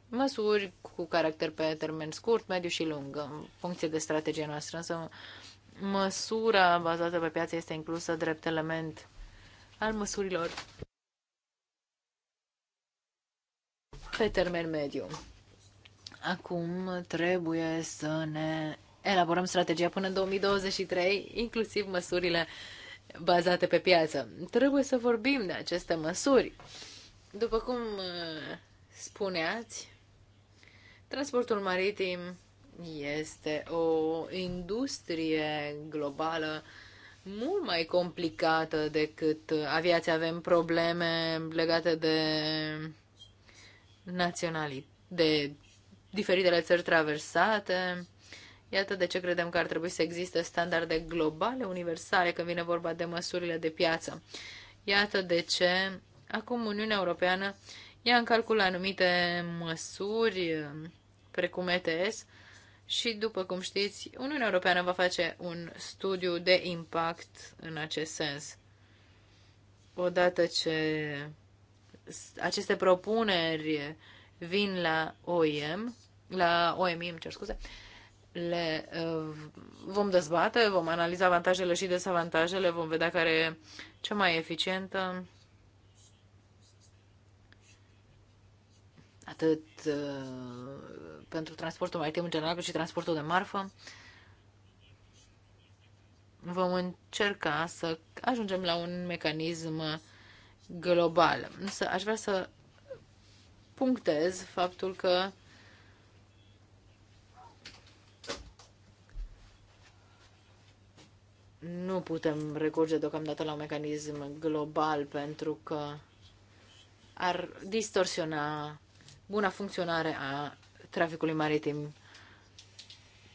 măsuri cu caracter pe termen scurt, mediu și lung, în funcție de strategia noastră, însă măsura bazată pe piață este inclusă drept element al măsurilor pe termen mediu. Acum trebuie să ne elaborăm strategia până în 2023, inclusiv măsurile uh, bazate pe piață. Trebuie să vorbim de aceste măsuri. După cum uh, spuneați, transportul maritim este o industrie globală mult mai complicată decât aviația. Avem probleme legate de naționalități, de diferitele țări traversate, Iată de ce credem că ar trebui să existe standarde globale, universale, când vine vorba de măsurile de piață. Iată de ce acum Uniunea Europeană ia în calcul anumite măsuri, precum ETS, și, după cum știți, Uniunea Europeană va face un studiu de impact în acest sens. Odată ce aceste propuneri vin la OIM, la OMI, îmi cer scuze, uh, le uh, vom dezbate, vom analiza avantajele și dezavantajele, vom vedea care e cea mai eficientă. Atât uh, pentru transportul maritim în general, cât și transportul de marfă. Vom încerca să ajungem la un mecanism global. Însă aș vrea să punctez faptul că nu putem recurge deocamdată la un mecanism global pentru că ar distorsiona buna funcționare a traficului maritim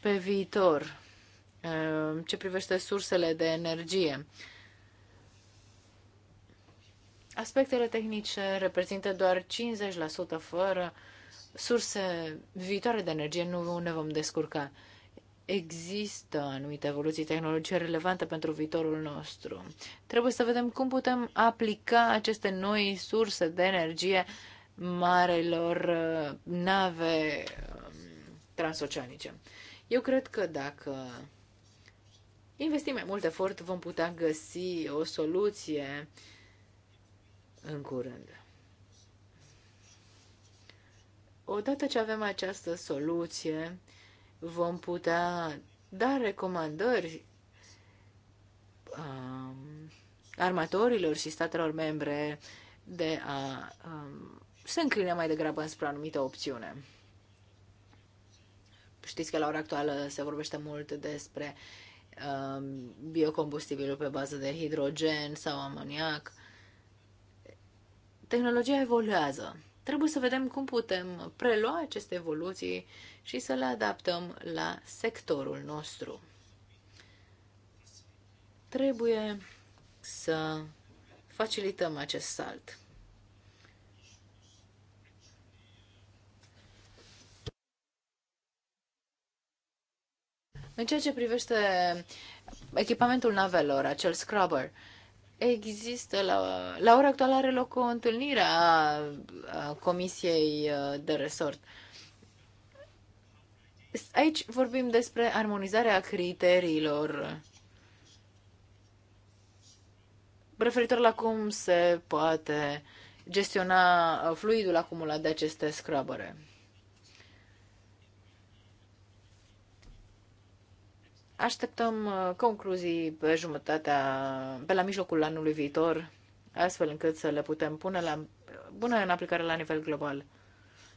pe viitor. Uh, ce privește sursele de energie, aspectele tehnice reprezintă doar 50% fără surse viitoare de energie, nu ne vom descurca există anumite evoluții tehnologice relevante pentru viitorul nostru. Trebuie să vedem cum putem aplica aceste noi surse de energie marelor uh, nave um, transoceanice. Eu cred că dacă investim mai mult efort, vom putea găsi o soluție în curând. Odată ce avem această soluție, vom putea da recomandări um, armatorilor și statelor membre de a um, se încline mai degrabă spre o anumită opțiune. Știți că la ora actuală se vorbește mult despre um, biocombustibilul pe bază de hidrogen sau amoniac. Tehnologia evoluează Trebuie să vedem cum putem prelua aceste evoluții și să le adaptăm la sectorul nostru. Trebuie să facilităm acest salt. În ceea ce privește echipamentul navelor, acel scrubber, Există, la, la ora actuală are loc o întâlnire a, a Comisiei uh, de Resort. Aici vorbim despre armonizarea criteriilor referitor la cum se poate gestiona fluidul acumulat de aceste scrubbere. Așteptăm uh, concluzii pe jumătatea, pe la mijlocul anului viitor, astfel încât să le putem pune la bună în aplicare la nivel global.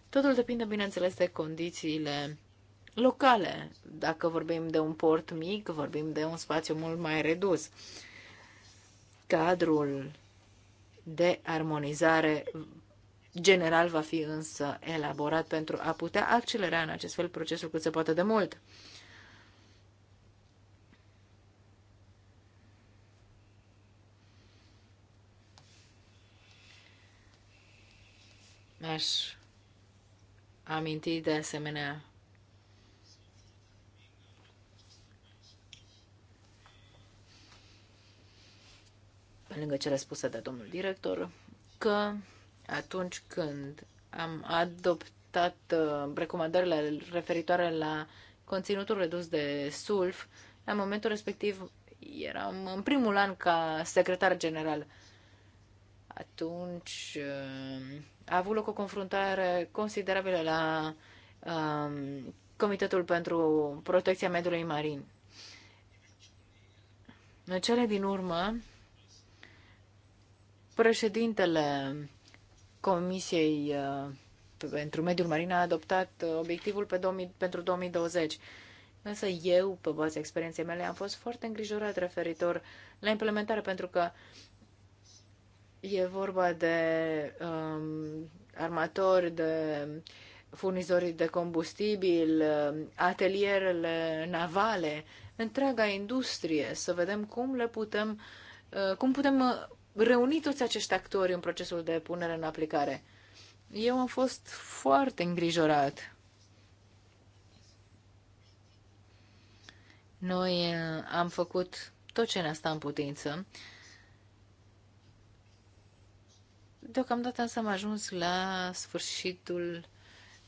Totul depinde, bineînțeles, de condițiile locale. Dacă vorbim de un port mic, vorbim de un spațiu mult mai redus. Cadrul de armonizare general va fi însă elaborat pentru a putea accelera în acest fel procesul cât se poate de mult. Aș aminti de asemenea pe lângă cele spuse de domnul director, că atunci când am adoptat uh, recomandările referitoare la conținutul redus de sulf, la momentul respectiv eram în primul an ca secretar general. Atunci uh, a avut loc o confruntare considerabilă la um, Comitetul pentru Protecția Mediului Marin. În cele din urmă, președintele Comisiei uh, pentru Mediul Marin a adoptat obiectivul pe 2000, pentru 2020. Însă eu, pe baza experienței mele, am fost foarte îngrijorat referitor la implementare, pentru că E vorba de um, armatori, de furnizori de combustibil, um, atelierele navale, întreaga industrie, să vedem cum le putem, uh, cum putem uh, reuni toți acești actori în procesul de punere în aplicare. Eu am fost foarte îngrijorat. Noi uh, am făcut tot ce ne-a stat în putință Deocamdată însă am ajuns la sfârșitul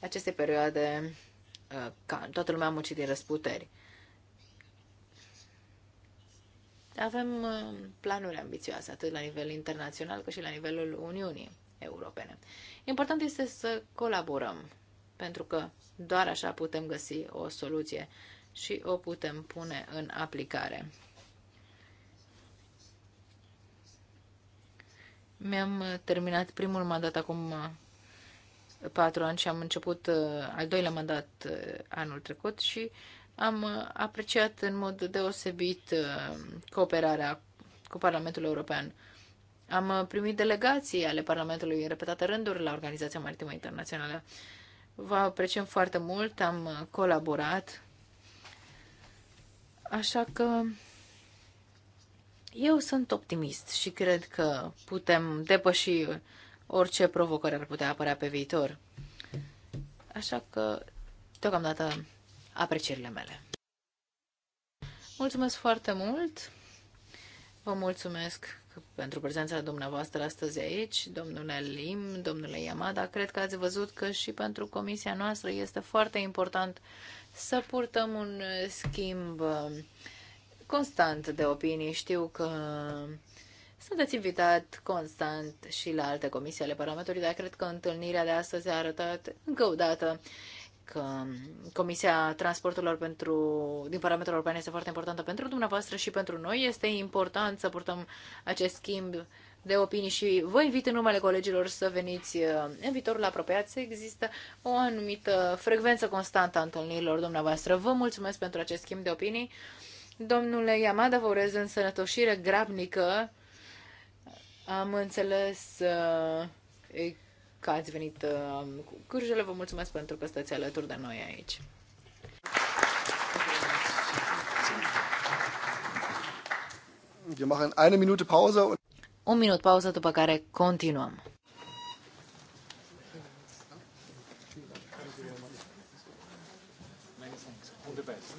acestei perioade uh, ca toată lumea a muncit din răsputeri. Avem uh, planuri ambițioase, atât la nivel internațional, cât și la nivelul Uniunii Europene. Important este să colaborăm, pentru că doar așa putem găsi o soluție și o putem pune în aplicare. Mi-am uh, terminat primul mandat acum uh, patru ani și am început uh, al doilea mandat anul trecut și am apreciat în mod deosebit cooperarea cu Parlamentul European. Am primit delegații ale Parlamentului în repetate rânduri la Organizația Maritimă Internațională. Vă apreciem foarte mult, am colaborat. Așa că eu sunt optimist și cred că putem depăși orice provocare ar putea apărea pe viitor. Așa că, deocamdată, aprecierile mele. Mulțumesc foarte mult! Vă mulțumesc pentru prezența dumneavoastră astăzi aici, domnule Lim, domnule Yamada. Cred că ați văzut că și pentru comisia noastră este foarte important să purtăm un schimb constant de opinii. Știu că sunteți invitat constant și la alte comisii ale Parlamentului, dar cred că întâlnirea de astăzi a arătat încă o dată că Comisia Transporturilor pentru, din Parlamentul European este foarte importantă pentru dumneavoastră și pentru noi. Este important să purtăm acest schimb de opinii și vă invit în numele colegilor să veniți uh, în viitorul apropiat să există o anumită frecvență constantă a întâlnirilor dumneavoastră. Vă mulțumesc pentru acest schimb de opinii. Domnule Yamada, vă urez sănătoșire grabnică. Am înțeles uh, că ați venit uh, cu curjele. Vă mulțumesc pentru că stați alături de noi aici. Wir machen eine Minute Pause. Un minut pauză, după care continuăm.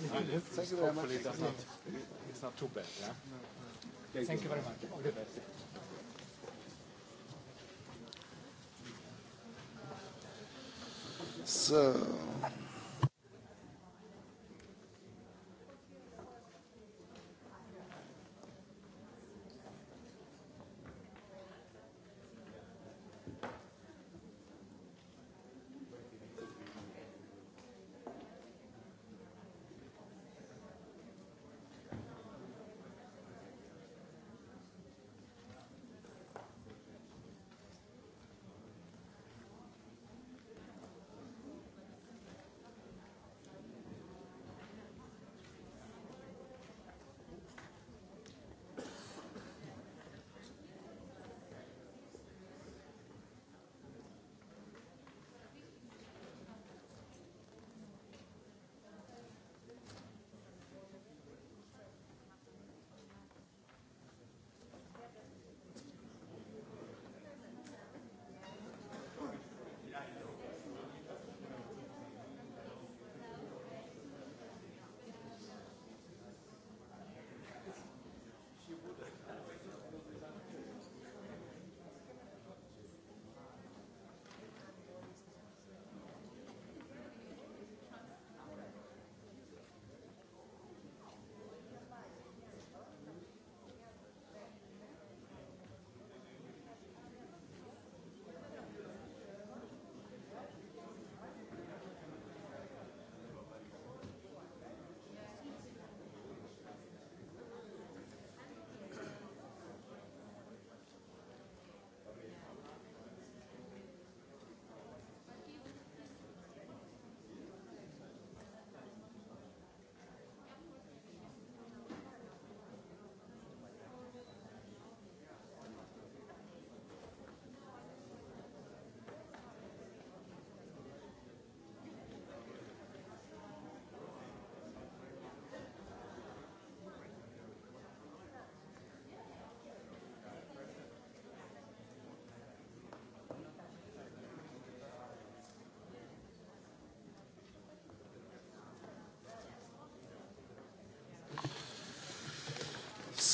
Thank you very much. Hopefully it's not, it's not too bad. Yeah? Thank, you. Thank you very much. All the best. So.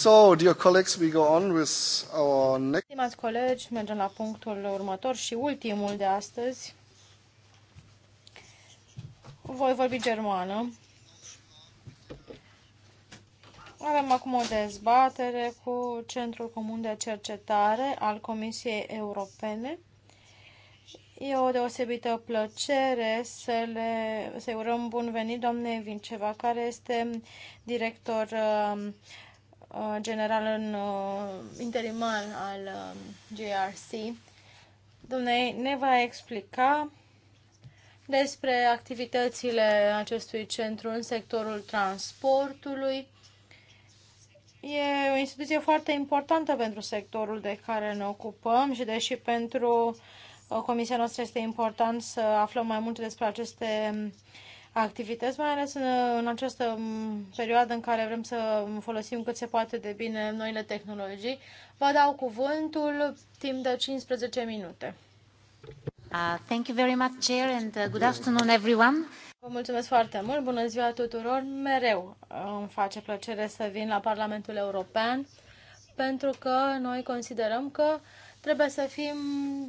So, dear colleagues, we go on with our next... Stimați colegi, mergem la punctul următor și ultimul de astăzi. Voi vorbi germană. Avem acum o dezbatere cu Centrul Comun de Cercetare al Comisiei Europene. E o deosebită plăcere să le să urăm bun venit doamnei Vinceva, care este director uh, Uh, general în uh, interimar al um, GRC, dumnei ne va explica despre activitățile acestui centru în sectorul transportului. E o instituție foarte importantă pentru sectorul de care ne ocupăm și deși pentru uh, comisia noastră este important să aflăm mai multe despre aceste activități, mai ales în, în această mm, perioadă în care vrem să folosim cât se poate de bine noile tehnologii. Vă dau cuvântul timp de 15 minute. Uh, thank you very much, Chair, and uh, good afternoon, everyone. Vă mulțumesc foarte mult, bună ziua tuturor. Mereu uh, îmi face plăcere să vin la Parlamentul European pentru că noi considerăm că uh, Trebuie să fim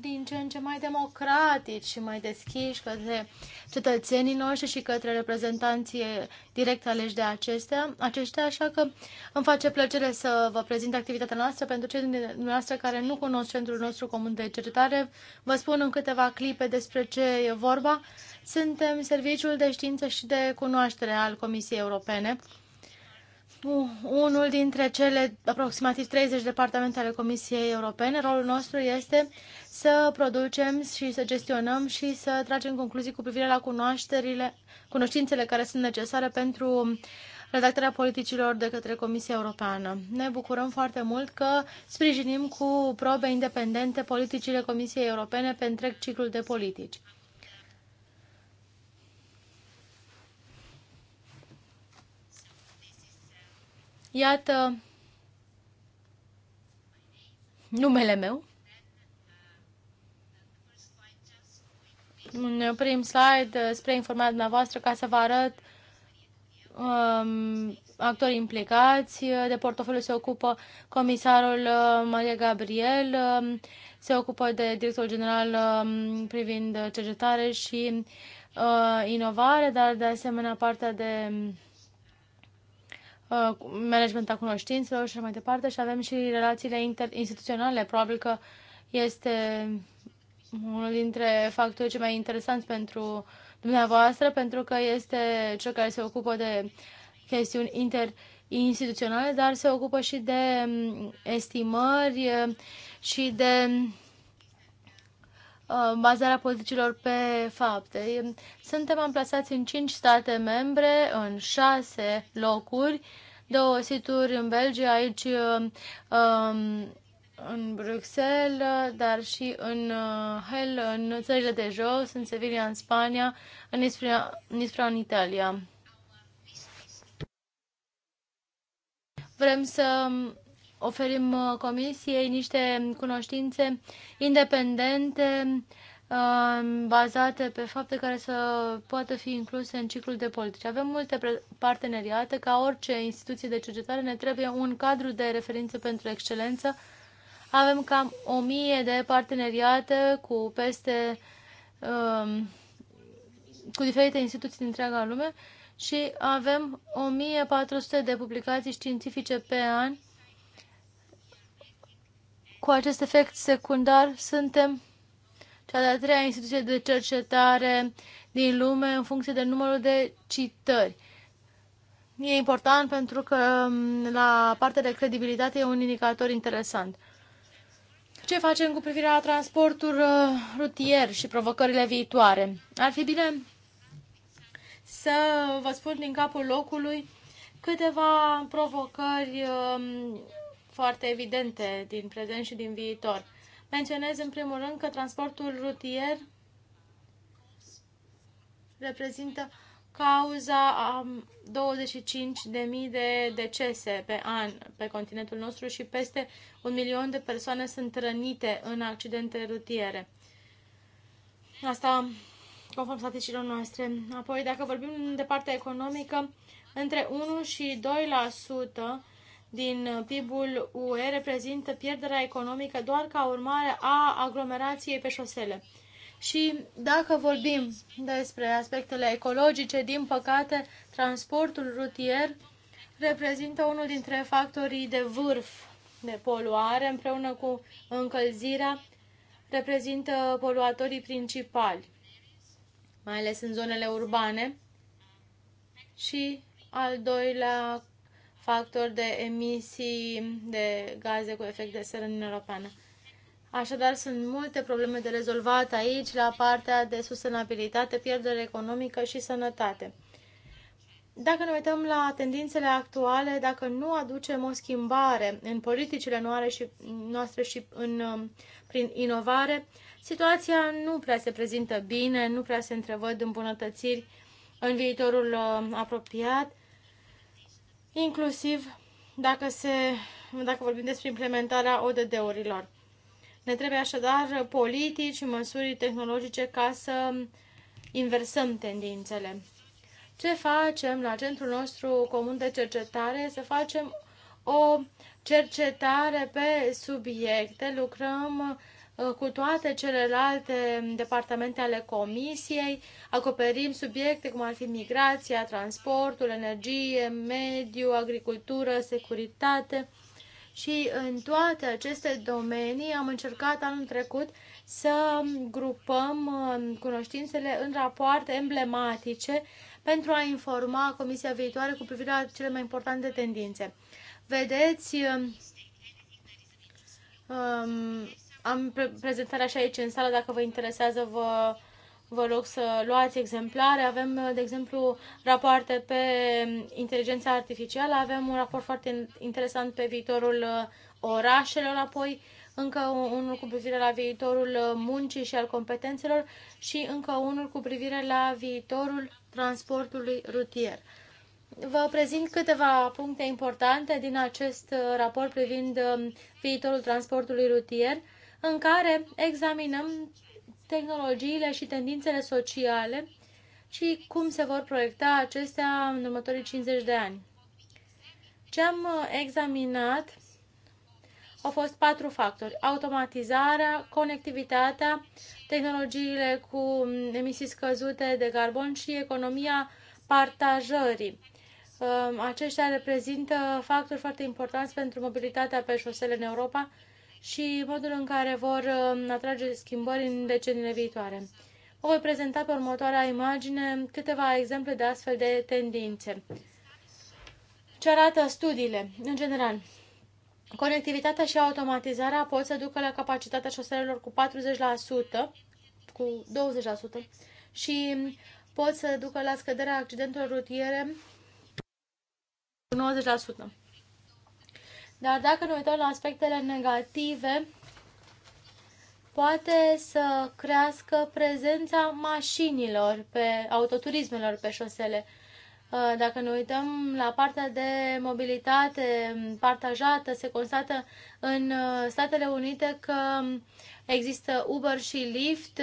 din ce în ce mai democratici și mai deschiși către cetățenii noștri și către reprezentanții direct aleși de acestea, aceștia, așa că îmi face plăcere să vă prezint activitatea noastră pentru cei dintre dumneavoastră care nu cunosc centrul nostru comun de cercetare. Vă spun în câteva clipe despre ce e vorba. Suntem Serviciul de Știință și de Cunoaștere al Comisiei Europene unul dintre cele aproximativ 30 departamente ale Comisiei Europene. Rolul nostru este să producem și să gestionăm și să tragem concluzii cu privire la cunoașterile, cunoștințele care sunt necesare pentru redactarea politicilor de către Comisia Europeană. Ne bucurăm foarte mult că sprijinim cu probe independente politicile Comisiei Europene pe întreg ciclul de politici. Iată numele meu. În prim slide, spre informarea dumneavoastră, ca să vă arăt um, actori implicați. De portofoliu se ocupă comisarul uh, Maria Gabriel, um, se ocupă de directorul general um, privind cercetare și uh, inovare, dar de asemenea partea de Uh, management a cunoștințelor și mai departe și avem și relațiile interinstituționale. Probabil că este unul dintre factorii cei mai interesanți pentru dumneavoastră, pentru că este cel care se ocupă de chestiuni interinstituționale, dar se ocupă și de mm, estimări uh, și de Uh, bazarea politicilor pe fapte. Suntem amplasați în 5 state membre, în 6 locuri, două situri în Belgia, aici uh, um, în Bruxelles, dar și în Hel, uh, în țările de jos, în Sevilla, în Spania, în Ispra, în, Ispra, în Italia. Vrem să um, oferim uh, comisiei niște cunoștințe independente uh, bazate pe fapte care să poată fi incluse în ciclul de politici. Avem multe parteneriate, ca orice instituție de cercetare ne trebuie un cadru de referință pentru excelență. Avem cam o mie de parteneriate cu peste um, cu diferite instituții din întreaga lume și avem 1400 de publicații științifice pe an cu acest efect secundar suntem cea de-a treia instituție de cercetare din lume în funcție de numărul de citări. E important pentru că um, la partea de credibilitate e un indicator interesant. Ce facem cu privire la transportul uh, rutier și provocările viitoare? Ar fi bine să vă spun din capul locului câteva provocări um, foarte evidente din prezent și din viitor. Menționez în primul rând că transportul rutier reprezintă cauza a 25.000 de decese pe an pe continentul nostru și peste un milion de persoane sunt rănite în accidente rutiere. Asta conform statisticilor noastre. Apoi, dacă vorbim de partea economică, între 1 și din uh, PIB-ul UE reprezintă pierderea economică doar ca urmare a aglomerației pe șosele. Și dacă vorbim despre aspectele ecologice, din păcate, transportul rutier reprezintă unul dintre factorii de vârf de poluare, împreună cu încălzirea, reprezintă poluatorii principali, mai ales în zonele urbane. Și al doilea factor de emisii de gaze cu efect de seră în Europeană. Așadar, sunt multe probleme de rezolvat aici la partea de sustenabilitate, pierdere economică și sănătate. Dacă ne uităm la tendințele actuale, dacă nu aducem o schimbare în politicile noastre și în, um, prin inovare, situația nu prea se prezintă bine, nu prea se întrevăd îmbunătățiri în viitorul uh, apropiat inclusiv dacă, se, dacă vorbim despre implementarea ODD-urilor. Ne trebuie așadar politici și măsuri tehnologice ca să inversăm tendințele. Ce facem la centrul nostru comun de cercetare? Să facem o cercetare pe subiecte, lucrăm Uh, cu toate celelalte departamente ale comisiei. Acoperim subiecte cum ar fi migrația, transportul, energie, mediu, agricultură, securitate. Și în toate aceste domenii am încercat anul trecut să grupăm uh, cunoștințele în rapoarte emblematice pentru a informa Comisia viitoare cu privire la cele mai importante tendințe. Vedeți um, am pre prezentarea și aici în sală, dacă vă interesează, vă, vă rog să luați exemplare. Avem, de exemplu, rapoarte pe inteligența artificială, avem un raport foarte interesant pe viitorul uh, orașelor, apoi încă unul cu privire la viitorul uh, muncii și al competențelor și încă unul cu privire la viitorul transportului rutier. Vă prezint câteva puncte importante din acest uh, raport privind viitorul transportului rutier în care examinăm tehnologiile și tendințele sociale și cum se vor proiecta acestea în următorii 50 de ani. Ce am examinat au fost patru factori. Automatizarea, conectivitatea, tehnologiile cu emisii scăzute de carbon și economia partajării. Ă, aceștia reprezintă factori foarte importanți pentru mobilitatea pe șosele în Europa și modul în care vor um, atrage schimbări în deceniile viitoare. O voi prezenta pe următoarea imagine câteva exemple de astfel de tendințe. Ce arată studiile? În general, conectivitatea și automatizarea pot să ducă la capacitatea șoselelor cu 40%, cu 20% și pot să ducă la scăderea accidentelor rutiere cu 90%. Dar dacă ne uităm la aspectele negative, poate să crească prezența mașinilor, pe autoturismelor pe șosele. Uh, dacă ne uităm la partea de mobilitate partajată, se constată în uh, Statele Unite că există Uber și Lyft,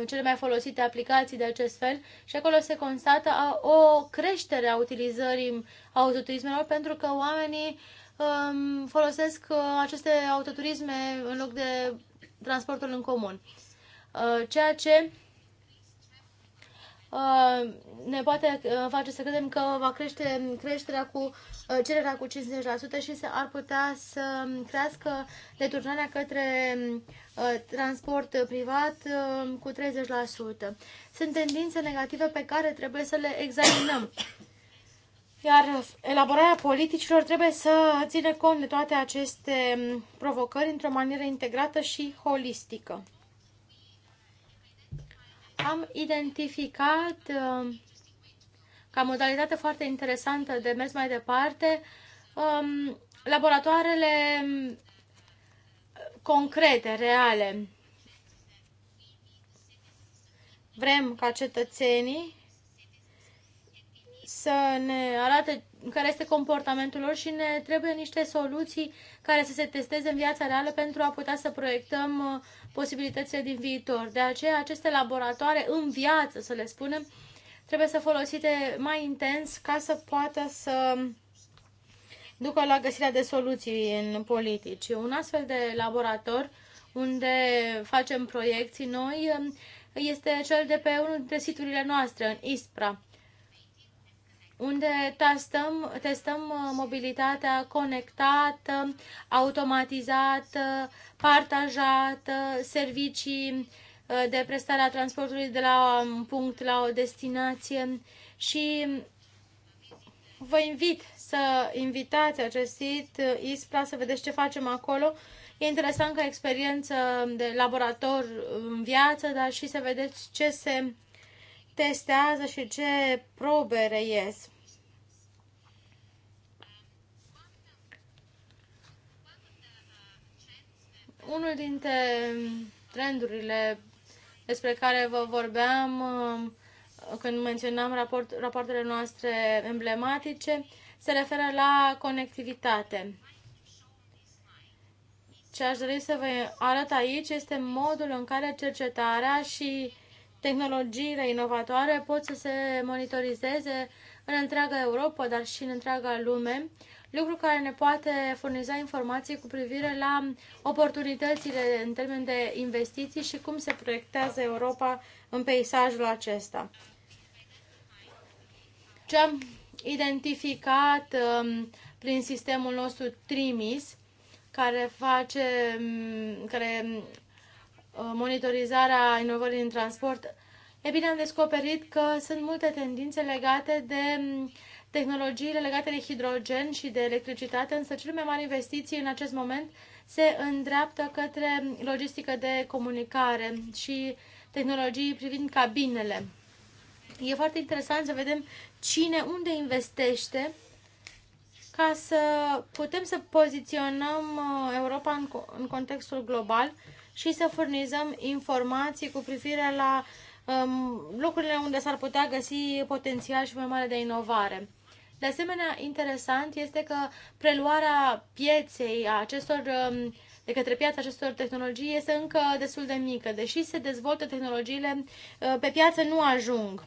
uh, cele mai folosite aplicații de acest fel, și acolo se constată o creștere a utilizării autoturismelor pentru că oamenii uh, um, folosesc uh, aceste autoturisme în loc de transportul în comun. Uh, ceea ce uh, ne poate uh, face să credem că va crește creșterea cu uh, cererea cu 50% și se ar putea să crească returnarea către uh, transport privat uh, cu 30%. Sunt tendințe negative pe care trebuie să le examinăm. Iar elaborarea politicilor trebuie să țină cont de toate aceste provocări într-o manieră integrată și holistică. Am identificat uh, ca modalitate foarte interesantă de mers mai departe um, laboratoarele concrete, reale. Vrem ca cetățenii să ne arate care este comportamentul lor și ne trebuie niște soluții care să se testeze în viața reală pentru a putea să proiectăm uh, posibilitățile din viitor. De aceea, aceste laboratoare în viață, să le spunem, trebuie să folosite mai intens ca să poată să ducă la găsirea de soluții în politici. Un astfel de laborator unde facem proiecții noi um, este cel de pe unul dintre siturile noastre, în Ispra unde testăm, testăm uh, mobilitatea conectată, automatizată, partajată, servicii uh, de prestare a transportului de la un punct la o destinație și vă invit să invitați acest sit uh, ISPRA să vedeți ce facem acolo. E interesant ca experiență de laborator în viață, dar și să vedeți ce se testează și ce probe reies. Unul dintre trendurile despre care vă vorbeam uh, când menționam raport, rapoartele noastre emblematice se referă la conectivitate. Ce aș dori să vă arăt aici este modul în care cercetarea și tehnologiile inovatoare pot să se monitorizeze în întreaga Europa, dar și în întreaga lume, lucru care ne poate furniza informații cu privire la oportunitățile în termen de investiții și cum se proiectează Europa în peisajul acesta. Ce am identificat um, prin sistemul nostru TRIMIS, care face, um, care Uh, monitorizarea inovării în transport, e bine am descoperit că sunt multe tendințe legate de mm, tehnologiile legate de hidrogen și de electricitate, însă cele mai mari investiții în acest moment se îndreaptă către logistică de comunicare și tehnologii privind cabinele. E foarte interesant să vedem cine unde investește ca să putem să poziționăm uh, Europa în, în contextul global și să furnizăm informații cu privire la um, locurile unde s-ar putea găsi potențial și mai mare de inovare. De asemenea, interesant este că preluarea pieței a acestor um, de către piața acestor tehnologii este încă destul de mică. Deși se dezvoltă tehnologiile, uh, pe piață nu ajung.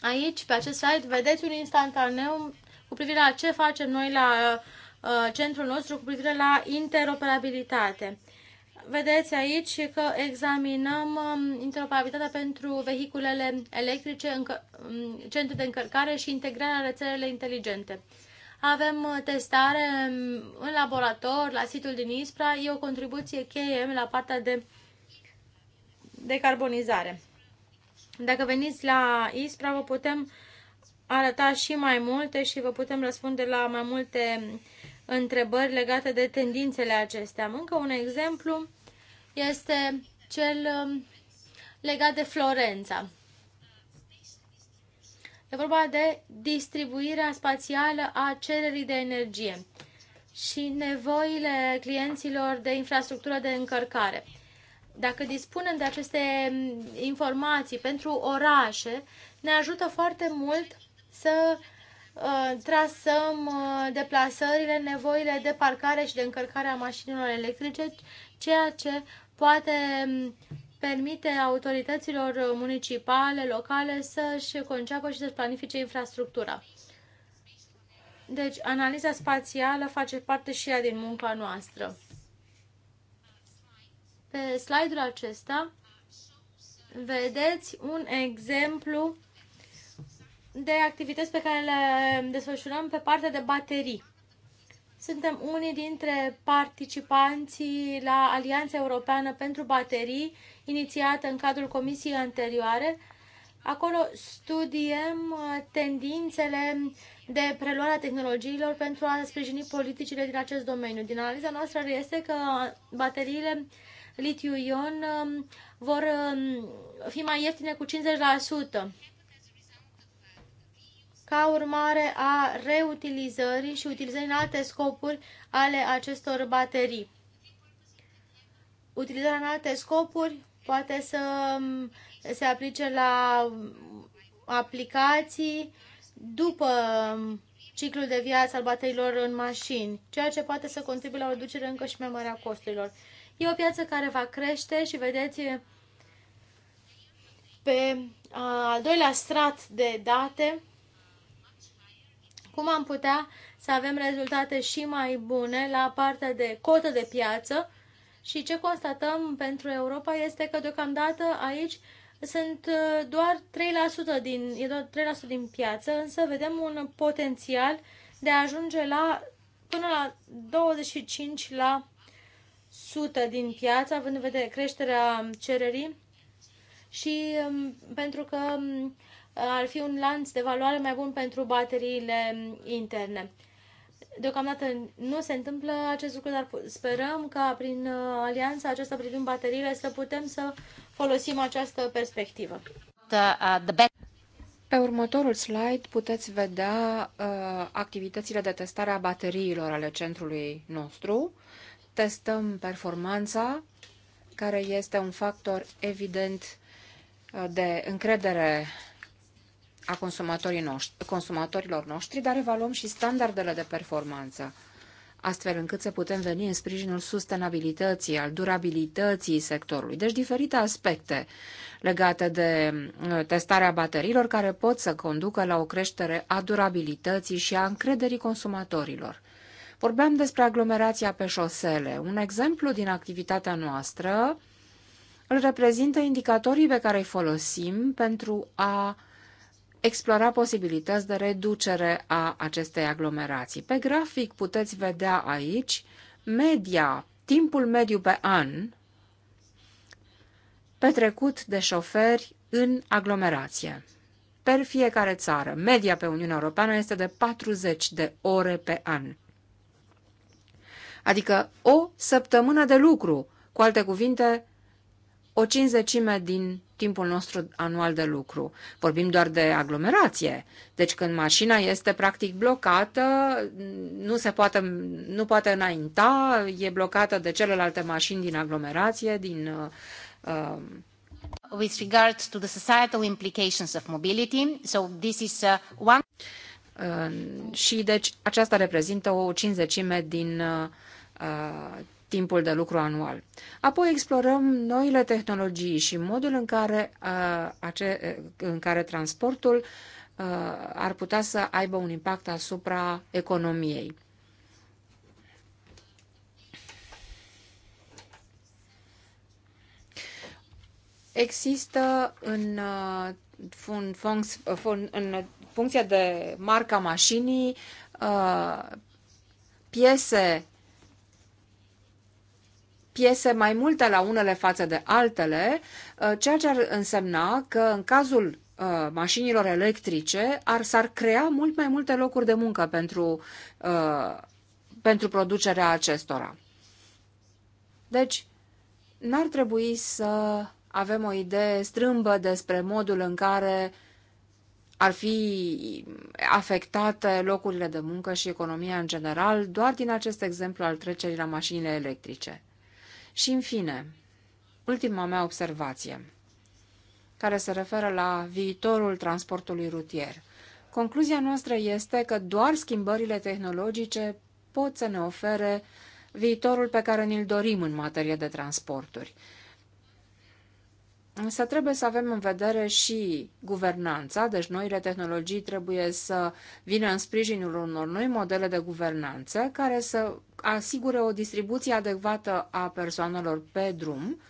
Aici, pe acest site, vedeți un instantaneu cu privire la ce facem noi la uh, centrul nostru cu privire la interoperabilitate. Vedeți aici că examinăm um, interoperabilitatea pentru vehiculele electrice, um, de încărcare și integrarea rețelele inteligente. Avem uh, testare um, în laborator, la situl din Ispra. E o contribuție cheie la partea de decarbonizare. Dacă veniți la Ispra, vă putem arăta și mai multe și vă putem răspunde la mai multe întrebări legate de tendințele acestea. Încă un exemplu este cel um, legat de Florența. E vorba de distribuirea spațială a cererii de energie și nevoile clienților de infrastructură de încărcare. Dacă dispunem de aceste um, informații pentru orașe, ne ajută foarte mult să uh, trasăm uh, deplasările, nevoile de parcare și de încărcare a mașinilor electrice, ceea ce poate um, permite autorităților uh, municipale, locale să-și conceapă și să-și planifice infrastructura. Deci, analiza spațială face parte și ea din munca noastră. Pe slide-ul acesta vedeți un exemplu de activități pe care le desfășurăm pe partea de baterii. Suntem unii dintre participanții la Alianța Europeană pentru Baterii, inițiată în cadrul comisiei anterioare. Acolo studiem uh, tendințele de preluarea tehnologiilor pentru a sprijini politicile din acest domeniu. Din analiza noastră este că uh, bateriile litiu-ion um, vor um, fi mai ieftine cu 50% ca urmare a reutilizării și utilizării în alte scopuri ale acestor baterii. Utilizarea în alte scopuri poate să mm, se aplice la mm, aplicații după mm, ciclul de viață al bateriilor în mașini, ceea ce poate să contribuie la o reducere încă și mai mare a costurilor. E o piață care va crește și vedeți pe al doilea strat de date cum am putea să avem rezultate și mai bune la partea de cotă de piață și ce constatăm pentru Europa este că deocamdată aici sunt uh, doar 3% din, e doar 3% din piață, însă vedem un potențial de a ajunge la până la 25% la din piață, având în vedere creșterea cererii și um, pentru că um, ar fi un lanț de valoare mai bun pentru bateriile interne. Deocamdată nu se întâmplă acest lucru, dar sperăm că prin uh, alianța aceasta privind bateriile să putem să folosim această perspectivă. Pe următorul slide puteți vedea uh, activitățile de testare a bateriilor ale centrului nostru. Testăm performanța, care este un factor evident uh, de încredere a consumatorii noștri, consumatorilor noștri, dar evaluăm și standardele de performanță, astfel încât să putem veni în sprijinul sustenabilității, al durabilității sectorului. Deci diferite aspecte legate de uh, testarea bateriilor care pot să conducă la o creștere a durabilității și a încrederii consumatorilor. Vorbeam despre aglomerația pe șosele. Un exemplu din activitatea noastră îl reprezintă indicatorii pe care îi folosim pentru a explora posibilități de reducere a acestei aglomerații. Pe grafic puteți vedea aici media, timpul mediu pe an petrecut de șoferi în aglomerație. Per fiecare țară, media pe Uniunea Europeană este de 40 de ore pe an. Adică o săptămână de lucru, cu alte cuvinte, o cinzecime din timpul nostru anual de lucru. Vorbim doar de aglomerație. Deci când mașina este practic blocată, nu, se poate, nu poate înainta, e blocată de celelalte mașini din aglomerație, din... Uh, With regard to the societal implications of mobility, so this is uh, one... Uh, și deci aceasta reprezintă o cinzecime din uh, uh timpul de lucru anual. Apoi explorăm noile tehnologii și modul în care, uh, ace, în care transportul uh, ar putea să aibă un impact asupra economiei. Există în, în, în funcție de marca mașinii piese piese mai multe la unele față de altele, uh, ceea ce ar însemna că în cazul uh, mașinilor electrice ar, s-ar crea mult mai multe locuri de muncă pentru, uh, pentru producerea acestora. Deci, n-ar trebui să avem o idee strâmbă despre modul în care ar fi afectate locurile de muncă și economia în general doar din acest exemplu al trecerii la mașinile electrice. Și, în fine, ultima mea observație, care se referă la viitorul transportului rutier. Concluzia noastră este că doar schimbările tehnologice pot să ne ofere viitorul pe care ne-l dorim în materie de transporturi. Însă trebuie să avem în vedere și guvernanța, deci noile tehnologii trebuie să vină în sprijinul unor noi modele de guvernanță care să asigure o distribuție adecvată a persoanelor pe drum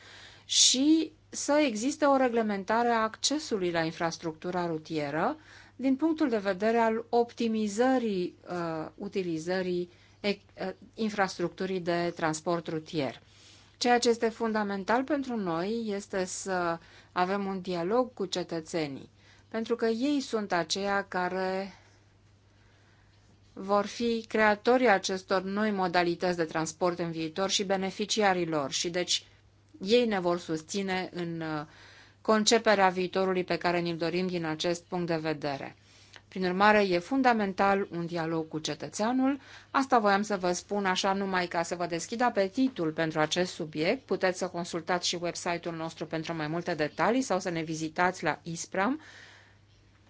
și să existe o reglementare a accesului la infrastructura rutieră din punctul de vedere al optimizării uh, utilizării uh, infrastructurii de transport rutier. Ceea ce este fundamental pentru noi este să avem un dialog cu cetățenii, pentru că ei sunt aceia care vor fi creatorii acestor noi modalități de transport în viitor și beneficiarii lor și deci ei ne vor susține în uh, conceperea viitorului pe care ne l dorim din acest punct de vedere. Prin urmare, e fundamental un dialog cu cetățeanul. Asta voiam să vă spun așa numai ca să vă deschid apetitul pentru acest subiect. Puteți să consultați și website-ul nostru pentru mai multe detalii sau să ne vizitați la ISPRAM,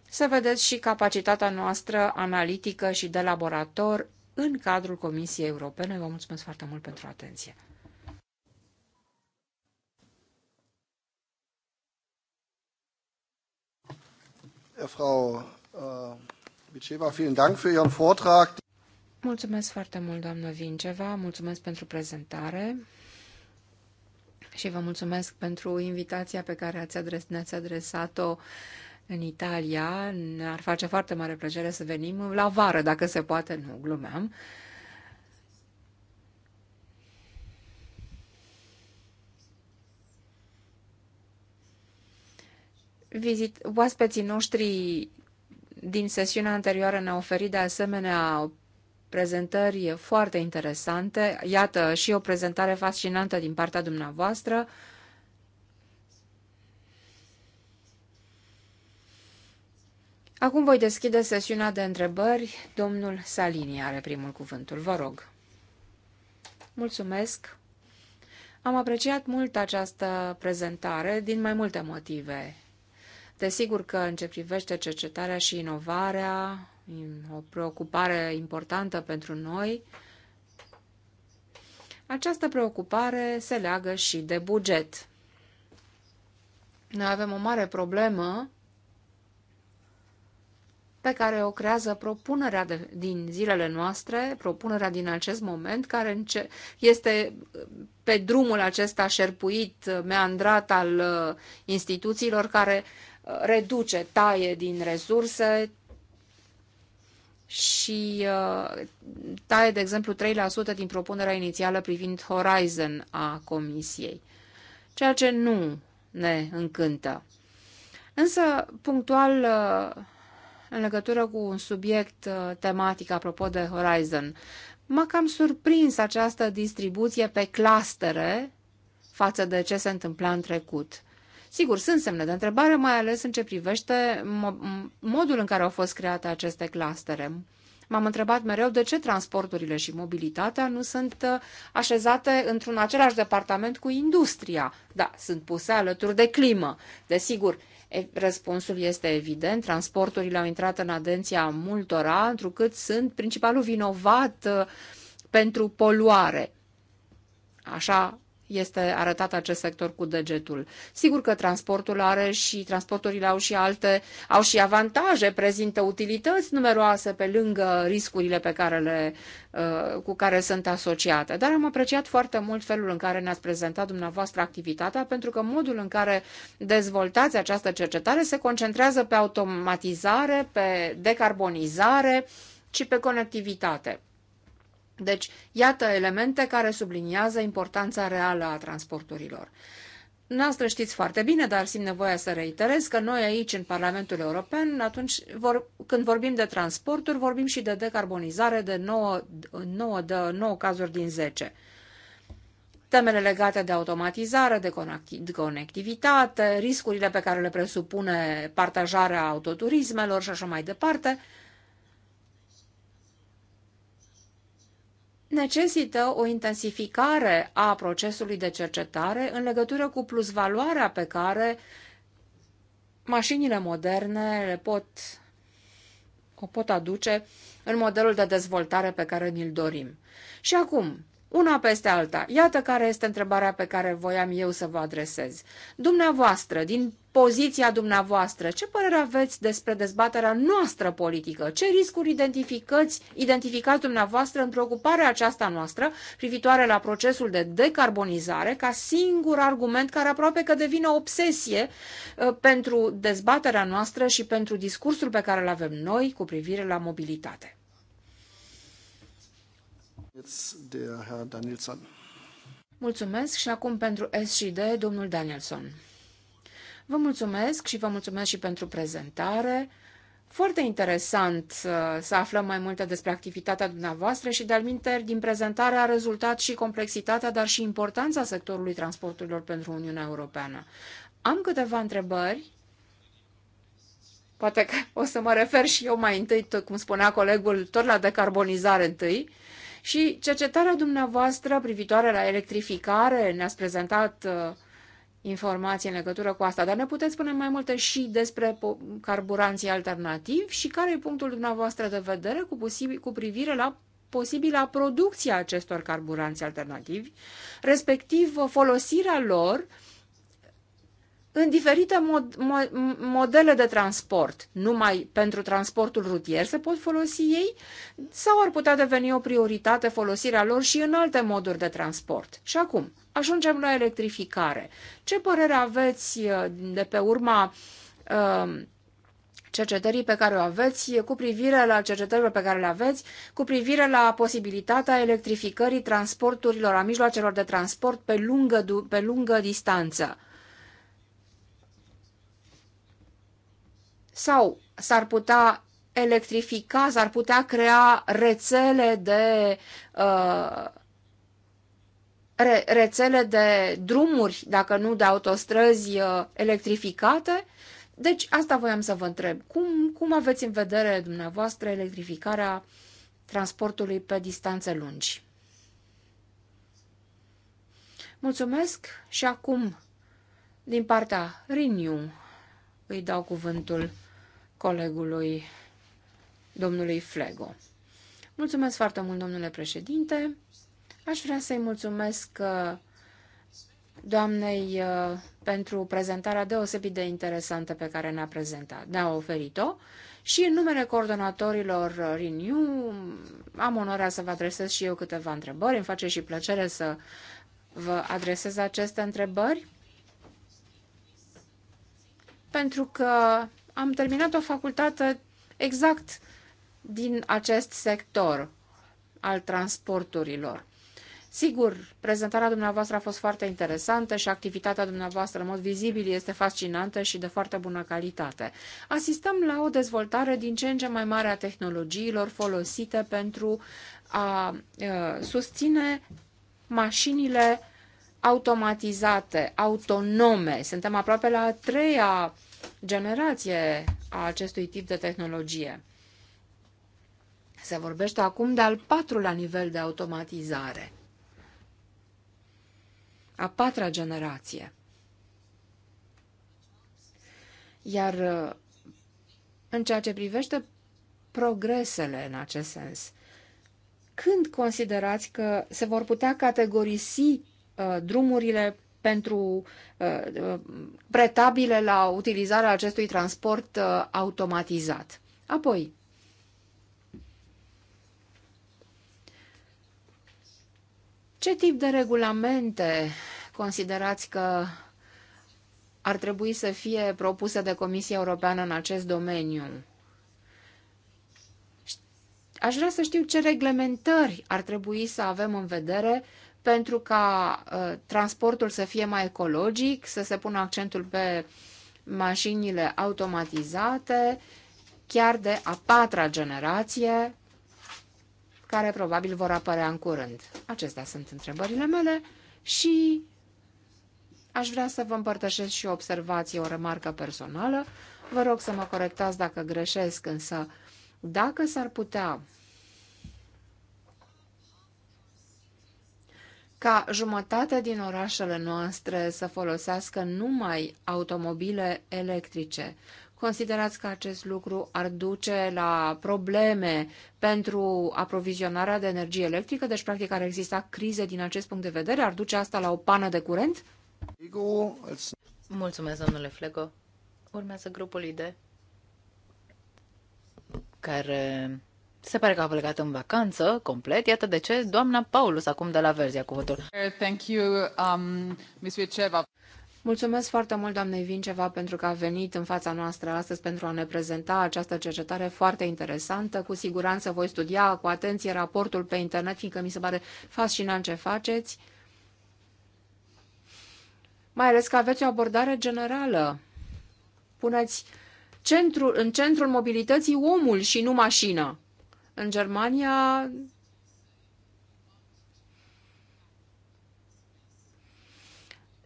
să vedeți și capacitatea noastră analitică și de laborator în cadrul Comisiei Europene. Vă mulțumesc foarte mult pentru atenție. Frau Viceva, vielen Dank für Ihren Vortrag. Mulțumesc foarte mult, doamnă Vinceva, mulțumesc pentru prezentare și vă mulțumesc pentru invitația pe care ați adres, ne-ați adresat-o în Italia. Ne-ar face foarte mare plăcere să venim la vară, dacă se poate, nu glumeam. Vizit, oaspeții noștri din sesiunea anterioară ne-a oferit de asemenea prezentări foarte interesante. Iată și o prezentare fascinantă din partea dumneavoastră. Acum voi deschide sesiunea de întrebări. Domnul Salini are primul cuvântul. Vă rog. Mulțumesc. Am apreciat mult această prezentare din mai multe motive. Desigur că în ce privește cercetarea și inovarea, o preocupare importantă pentru noi, această preocupare se leagă și de buget. Noi avem o mare problemă pe care o creează propunerea de, din zilele noastre, propunerea din acest moment, care înce- este pe drumul acesta șerpuit, meandrat al uh, instituțiilor care reduce, taie din resurse și uh, taie, de exemplu, 3% din propunerea inițială privind Horizon a Comisiei, ceea ce nu ne încântă. Însă, punctual, uh, în legătură cu un subiect uh, tematic apropo de Horizon, m-a cam surprins această distribuție pe clastere față de ce se întâmpla în trecut. Sigur, sunt semne de întrebare, mai ales în ce privește modul în care au fost create aceste clastere. M-am întrebat mereu de ce transporturile și mobilitatea nu sunt uh, așezate într-un același departament cu industria. Da, sunt puse alături de climă. Desigur, răspunsul este evident, transporturile au intrat în atenția multora, întrucât sunt principalul vinovat uh, pentru poluare. Așa este arătat acest sector cu degetul. Sigur că transportul are și transporturile au și alte, au și avantaje, prezintă utilități numeroase pe lângă riscurile pe care le, uh, cu care sunt asociate. Dar am apreciat foarte mult felul în care ne-ați prezentat dumneavoastră activitatea, pentru că modul în care dezvoltați această cercetare se concentrează pe automatizare, pe decarbonizare și pe conectivitate. Deci, iată elemente care subliniază importanța reală a transporturilor. Noastră știți foarte bine, dar simt nevoia să reiterez că noi aici, în Parlamentul European, atunci vor, când vorbim de transporturi, vorbim și de decarbonizare de 9, 9, de 9 cazuri din 10. Temele legate de automatizare, de conectivitate, riscurile pe care le presupune partajarea autoturismelor și așa mai departe, necesită o intensificare a procesului de cercetare în legătură cu plusvaloarea pe care mașinile moderne le pot, o pot aduce în modelul de dezvoltare pe care ni-l dorim. Și acum, una peste alta, iată care este întrebarea pe care voiam eu să vă adresez. Dumneavoastră, din poziția dumneavoastră. Ce părere aveți despre dezbaterea noastră politică? Ce riscuri identificați, identificați dumneavoastră în preocuparea aceasta noastră privitoare la procesul de decarbonizare ca singur argument care aproape că devine o obsesie uh, pentru dezbaterea noastră și pentru discursul pe care îl avem noi cu privire la mobilitate? Mulțumesc și acum pentru S și D, domnul Danielson. Vă mulțumesc și vă mulțumesc și pentru prezentare. Foarte interesant uh, să aflăm mai multe despre activitatea dumneavoastră și, de-al din prezentare a rezultat și complexitatea, dar și importanța sectorului transporturilor pentru Uniunea Europeană. Am câteva întrebări. Poate că o să mă refer și eu mai întâi, cum spunea colegul, tot la decarbonizare întâi. Și cercetarea dumneavoastră privitoare la electrificare ne-ați prezentat uh, informații în legătură cu asta, dar ne puteți spune mai multe și despre carburanții alternativi și care e punctul dumneavoastră de vedere cu, posibil, cu privire la posibila producția acestor carburanți alternativi, respectiv folosirea lor uh, în diferite mod, mo, modele de transport. Numai pentru transportul rutier se pot folosi ei sau ar putea deveni o prioritate folosirea lor și în alte moduri de transport. Și acum, ajungem la electrificare. Ce părere aveți uh, de pe urma uh, cercetării pe care o aveți, cu privire la cercetările pe care le aveți, cu privire la posibilitatea electrificării transporturilor, a mijloacelor de transport pe lungă, pe lungă distanță? Sau s-ar putea electrifica, s-ar putea crea rețele de uh, re, rețele de drumuri, dacă nu de autostrăzi uh, electrificate. Deci asta voiam să vă întreb. Cum, cum aveți în vedere dumneavoastră electrificarea transportului pe distanțe lungi? Mulțumesc și acum din partea Renew îi dau cuvântul colegului domnului Flego. Mulțumesc foarte mult, domnule președinte. Aș vrea să-i mulțumesc uh, doamnei uh, pentru prezentarea deosebit de interesantă pe care ne-a prezentat, ne-a oferit-o și în numele coordonatorilor uh, Renew am onoarea să vă adresez și eu câteva întrebări. Îmi face și plăcere să vă adresez aceste întrebări pentru că am terminat o facultate exact din acest sector al transporturilor. Sigur, prezentarea dumneavoastră a fost foarte interesantă și activitatea dumneavoastră, în mod vizibil, este fascinantă și de foarte bună calitate. Asistăm la o dezvoltare din ce în ce mai mare a tehnologiilor folosite pentru a uh, susține mașinile automatizate, autonome. Suntem aproape la a treia generație a acestui tip de tehnologie. Se vorbește acum de al patrulea nivel de automatizare. A patra generație. Iar în ceea ce privește progresele în acest sens, când considerați că se vor putea categorisi Uh, drumurile pentru uh, uh, pretabile la utilizarea acestui transport automatizat. Apoi, ce tip de regulamente considerați că ar trebui să fie propuse de Comisia Europeană în acest domeniu? Aș vrea să știu ce reglementări ar trebui să avem în vedere pentru ca uh, transportul să fie mai ecologic, să se pună accentul pe mașinile automatizate, chiar de a patra generație, care probabil vor apărea în curând. Acestea sunt întrebările mele și aș vrea să vă împărtășesc și o observație, o remarcă personală. Vă rog să mă corectați dacă greșesc, însă dacă s-ar putea ca jumătate din orașele noastre să folosească numai automobile electrice. Considerați că acest lucru ar duce la probleme pentru aprovizionarea de energie electrică, deci practic ar exista crize din acest punct de vedere? Ar duce asta la o pană de curent? Mulțumesc, domnule Flego. Urmează grupul ID care se pare că a plecat în vacanță complet. Iată de ce doamna Paulus acum de la Verzia cuvântul. Thank you, um, Ms. Mulțumesc foarte mult, doamnei Vinceva, pentru că a venit în fața noastră astăzi pentru a ne prezenta această cercetare foarte interesantă. Cu siguranță voi studia cu atenție raportul pe internet, fiindcă mi se pare fascinant ce faceți. Mai ales că aveți o abordare generală. Puneți centru, în centrul mobilității omul și nu mașina. În Germania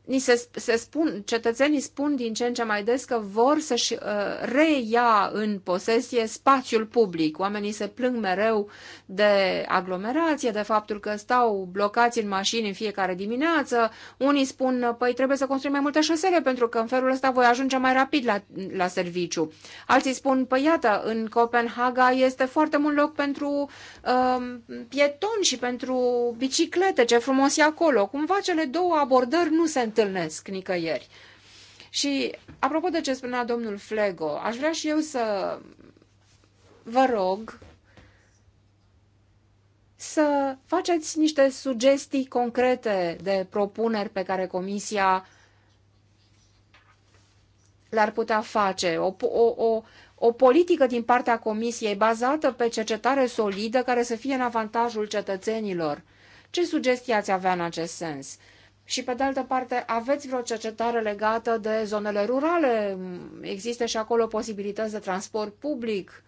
ni se, se spun, cetățenii spun din ce în ce mai des că vor să-și uh, reia în posesie spațiul public. Oamenii se plâng mereu de aglomerație, de faptul că stau blocați în mașini în fiecare dimineață. Unii spun, păi trebuie să construim mai multe șosele pentru că în felul ăsta voi ajunge mai rapid la, la serviciu. Alții spun, păi iată, în Copenhaga este foarte mult loc pentru uh, pietoni și pentru biciclete, ce frumos e acolo. Cumva cele două abordări nu se întâmplă întâlnesc nicăieri. Și apropo de ce spunea domnul Flego, aș vrea și eu să vă rog să faceți niște sugestii concrete de propuneri pe care Comisia le-ar putea face. O, o, o, o politică din partea Comisiei bazată pe cercetare solidă care să fie în avantajul cetățenilor. Ce sugestii ați avea în acest sens? Și pe de altă parte, aveți vreo cercetare legată de zonele rurale? Există și acolo posibilități de transport public?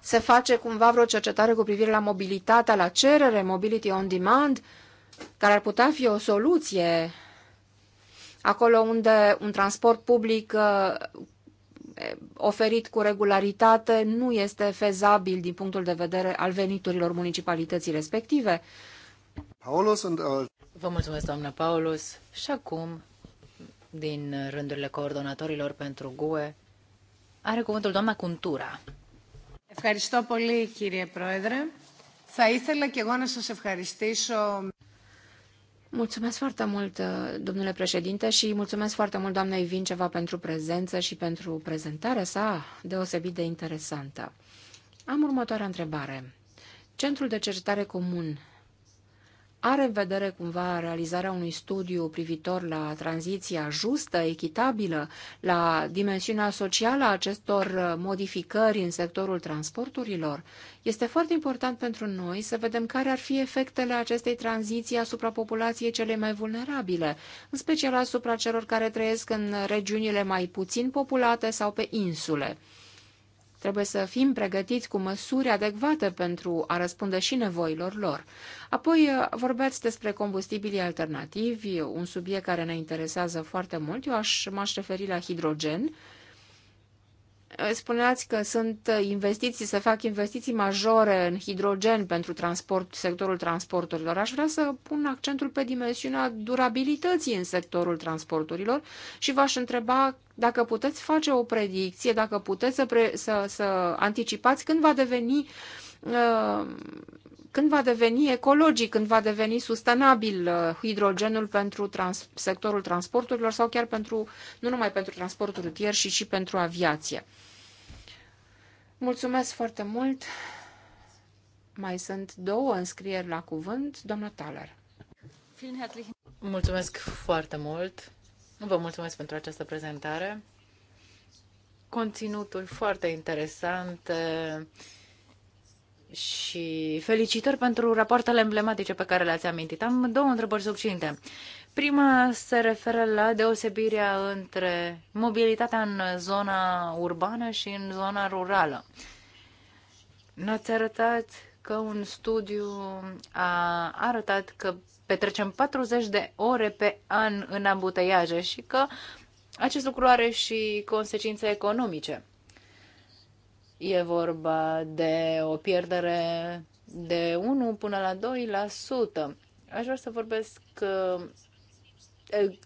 Se face cumva vreo cercetare cu privire la mobilitatea la cerere, mobility on demand, care ar putea fi o soluție acolo unde un transport public uh, oferit cu regularitate nu este fezabil din punctul de vedere al veniturilor municipalității respective. Paulus Vă mulțumesc, doamna Paulus. Și acum, din rândurile coordonatorilor pentru GUE, are cuvântul doamna Cuntura. Ευχαριστώ πολύ, κύριε Πρόεδρε. Θα ήθελα και εγώ να σας ευχαριστήσω. Mulțumesc foarte mult, domnule președinte, și mulțumesc foarte mult doamnei Vinceva pentru prezență și pentru prezentarea sa deosebit de interesantă. Am următoarea întrebare. Centrul de cercetare comun are în vedere cumva realizarea unui studiu privitor la tranziția justă, echitabilă, la dimensiunea socială a acestor uh, modificări în sectorul transporturilor? Este foarte important pentru noi să vedem care ar fi efectele acestei tranziții asupra populației cele mai vulnerabile, în special asupra celor care trăiesc în regiunile mai puțin populate sau pe insule. Trebuie să fim pregătiți cu măsuri adecvate pentru a răspunde și nevoilor lor. Apoi uh, vorbeați despre combustibilii alternativi, un subiect care ne interesează foarte mult. Eu aș, m-aș referi la hidrogen Spuneați că sunt investiții, se fac investiții majore în hidrogen pentru transport, sectorul transporturilor. Aș vrea să pun accentul pe dimensiunea durabilității în sectorul transporturilor și v-aș întreba dacă puteți face o predicție, dacă puteți să, pre, să, să anticipați când va deveni uh, când va deveni ecologic, când va deveni sustenabil uh, hidrogenul pentru trans- sectorul transporturilor sau chiar pentru, nu numai pentru transportul rutier, ci și pentru aviație. Mulțumesc foarte mult! Mai sunt două înscrieri la cuvânt. Doamna Thaler. Mulțumesc foarte mult! Vă mulțumesc pentru această prezentare. Conținutul foarte interesant și felicitări pentru rapoartele emblematice pe care le-ați amintit. Am două întrebări succinte. Prima se referă la deosebirea între mobilitatea în zona urbană și în zona rurală. Ne-ați arătat că un studiu a arătat că petrecem 40 de ore pe an în ambuteiaje și că acest lucru are și consecințe economice. E vorba de o pierdere de 1 până la 2%. Aș vrea să vorbesc că uh,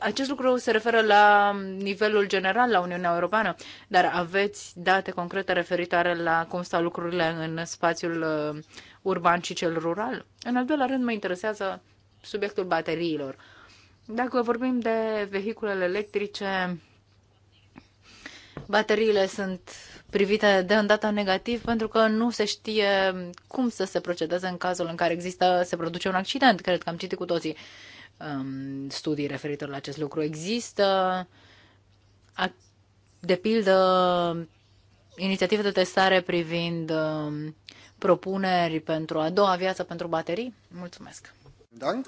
acest lucru se referă la nivelul general la Uniunea Europeană, dar aveți date concrete referitoare la cum stau lucrurile în spațiul uh, urban și cel rural? În al doilea rând, mă interesează subiectul bateriilor. Dacă vorbim de vehiculele electrice, bateriile sunt privite de îndată negativ pentru că nu se știe cum să se procedeze în cazul în care există, se produce un accident. Cred că am citit cu toții um, studii referitor la acest lucru. Există, de pildă, inițiative de testare privind um, propuneri pentru a doua viață pentru baterii? Mulțumesc! Dank,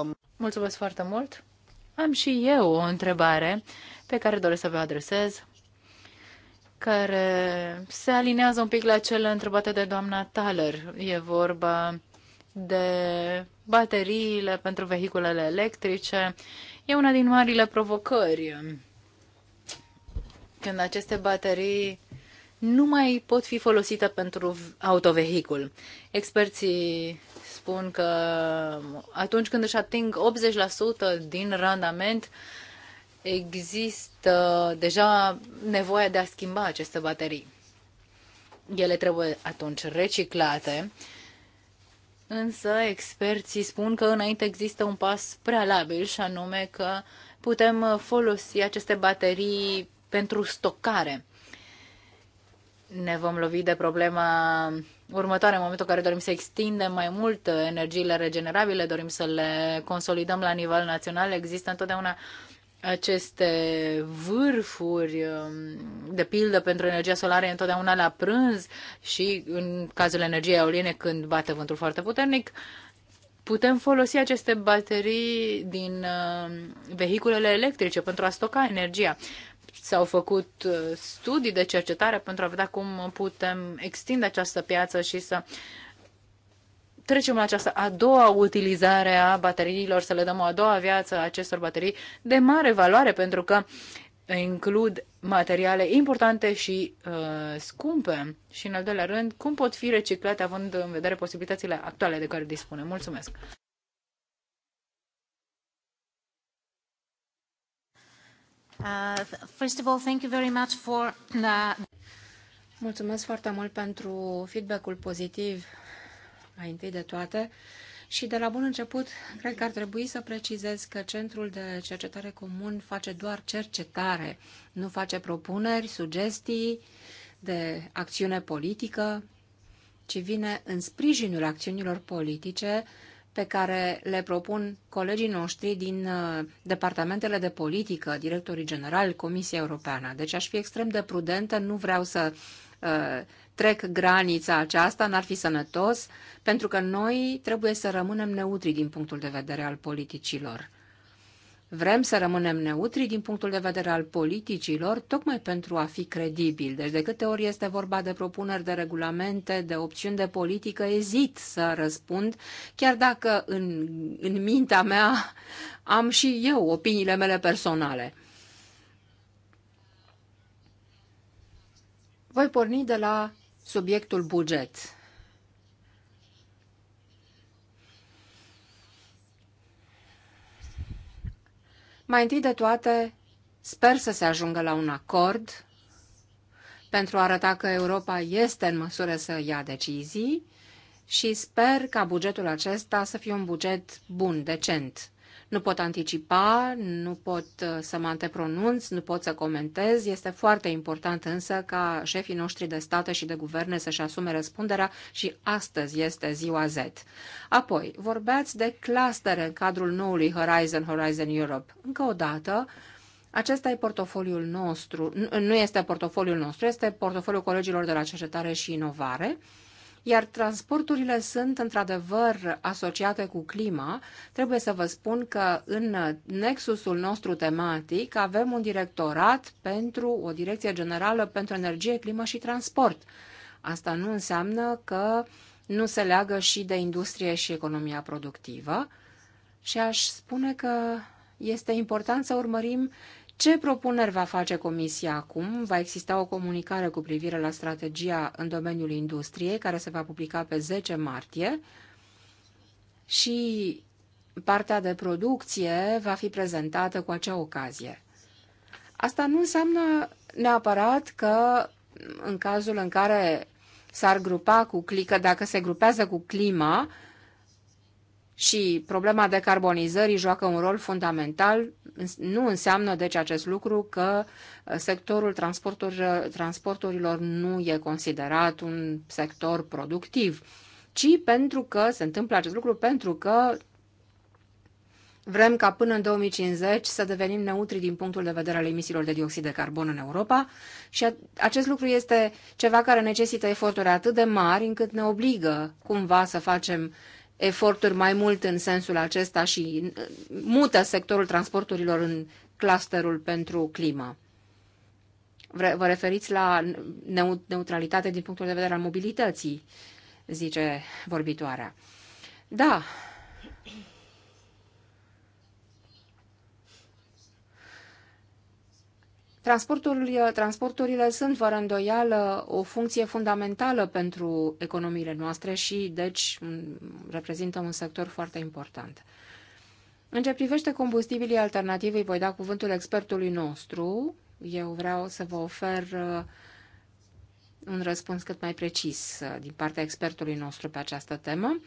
um... Mulțumesc foarte mult! Am și eu o întrebare pe care doresc să vă adresez care se alinează un pic la cele întrebate de doamna Thaler. E vorba de bateriile pentru vehiculele electrice. E una din marile provocări. Când aceste baterii nu mai pot fi folosite pentru autovehicul. Experții spun că atunci când își ating 80% din randament, uh, există deja nevoia de a schimba aceste baterii. Ele trebuie atunci reciclate, însă experții spun că înainte există un pas prealabil și anume că putem folosi aceste baterii pentru stocare. Ne vom lovi de problema următoare, în momentul în care dorim să extindem mai mult energiile regenerabile, dorim să le consolidăm la nivel național, există întotdeauna uh, aceste vârfuri, um, de pildă pentru energia solară, întotdeauna la prânz și în cazul energiei eoliene, când bate vântul foarte puternic, putem folosi aceste baterii din um, vehiculele electrice pentru a stoca energia. S-au făcut uh, studii de cercetare pentru a vedea cum putem extinde această piață și să uh, trecem la această a doua utilizare a bateriilor, să le dăm o a doua viață acestor baterii de mare valoare, pentru că includ materiale importante și uh, scumpe. Și, în al doilea rând, cum pot fi reciclate, având în vedere posibilitățile actuale de care dispune? Mulțumesc! Uh, first of all, thank you very much for the... Mulțumesc foarte mult pentru feedback-ul pozitiv mai întâi de toate, și de la bun început, cred că ar trebui să precizez că Centrul de Cercetare Comun face doar cercetare, nu face propuneri, sugestii de acțiune politică, ci vine în sprijinul acțiunilor politice pe care le propun colegii noștri din uh, departamentele de politică, directorii generali, Comisia Europeană. Deci aș fi extrem de prudentă, nu vreau să uh, trec granița aceasta, n-ar fi sănătos, pentru că noi trebuie să rămânem neutri din punctul de vedere al politicilor. Vrem să rămânem neutri din punctul de vedere al politicilor, tocmai pentru a fi credibili. Deci de câte ori este vorba de propuneri de regulamente, de opțiuni de politică, ezit să răspund, chiar dacă în, în mintea mea am și eu opiniile mele personale. Voi porni de la subiectul buget. Mai întâi de toate, sper să se ajungă la un acord pentru a arăta că Europa este în măsură să ia decizii și sper ca bugetul acesta să fie un buget bun, decent. Nu pot anticipa, nu pot uh, să mă antepronunț, nu pot să comentez. Este foarte important însă ca șefii noștri de state și de guverne să-și asume răspunderea și astăzi este ziua Z. Apoi, vorbeați de clustere în cadrul noului Horizon Horizon Europe. Încă o dată, acesta e portofoliul nostru, nu este portofoliul nostru, este portofoliul colegilor de la cercetare și inovare. Iar transporturile sunt într-adevăr asociate cu clima. Trebuie să vă spun că în nexusul nostru tematic avem un directorat pentru o direcție generală pentru energie, climă și transport. Asta nu înseamnă că nu se leagă și de industrie și economia productivă. Și aș spune că este important să urmărim ce propuneri va face Comisia acum? Va exista o comunicare cu privire la strategia în domeniul industriei, care se va publica pe 10 martie și partea de producție va fi prezentată cu acea ocazie. Asta nu înseamnă neapărat că în cazul în care s-ar grupa cu clică, dacă se grupează cu clima, și problema decarbonizării joacă un rol fundamental. Nu înseamnă, deci, acest lucru că uh, sectorul uh, transporturilor, nu e considerat un sector productiv, ci pentru că se întâmplă acest lucru pentru că vrem ca până în 2050 să devenim neutri din punctul de vedere al emisiilor de dioxid de carbon în Europa și acest lucru este ceva care necesită eforturi atât de mari încât ne obligă cumva să facem eforturi mai mult în sensul acesta și uh, mută sectorul transporturilor în clusterul pentru climă. Vă referiți la neutralitate din punctul de vedere al mobilității, zice vorbitoarea. Da, Transporturile, transporturile sunt, fără îndoială, o funcție fundamentală pentru economiile noastre și, deci, reprezintă un sector foarte important. În ce privește combustibilii alternativi, voi da cuvântul expertului nostru. Eu vreau să vă ofer uh, un răspuns cât mai precis uh, din partea expertului nostru pe această temă.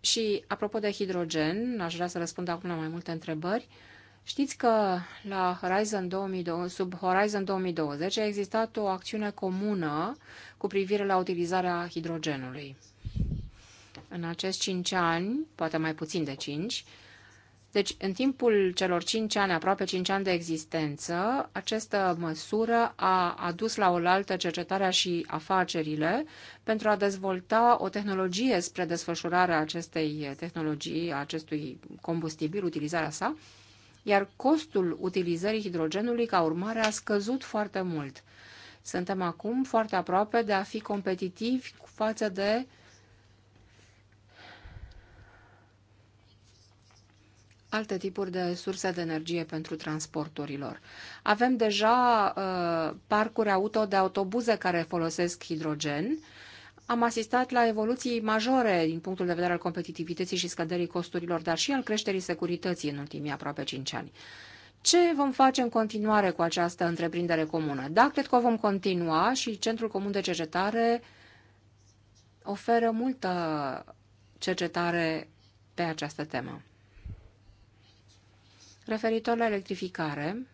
Și, apropo de hidrogen, aș vrea să răspund acum la mai multe întrebări. Uh, Știți că la Horizon 2020, sub Horizon 2020 a existat o acțiune comună cu privire la utilizarea hidrogenului. În acești 5 ani, poate mai puțin de 5, deci în timpul celor 5 ani, aproape 5 ani de existență, această măsură a adus la oaltă cercetarea și afacerile pentru a dezvolta o tehnologie spre desfășurarea acestei tehnologii, a acestui combustibil, utilizarea sa, iar costul utilizării hidrogenului ca urmare a scăzut foarte mult. Suntem acum foarte aproape de a fi competitivi față de alte tipuri de surse de energie pentru transporturilor. Avem deja uh, parcuri auto de autobuze care folosesc hidrogen am asistat la evoluții majore din punctul de vedere al competitivității și scăderii costurilor, dar și al creșterii securității în ultimii aproape 5 ani. Ce vom face în continuare cu această întreprindere comună? Da, cred că o vom continua și Centrul Comun de Cercetare oferă multă cercetare pe această temă. Referitor la electrificare,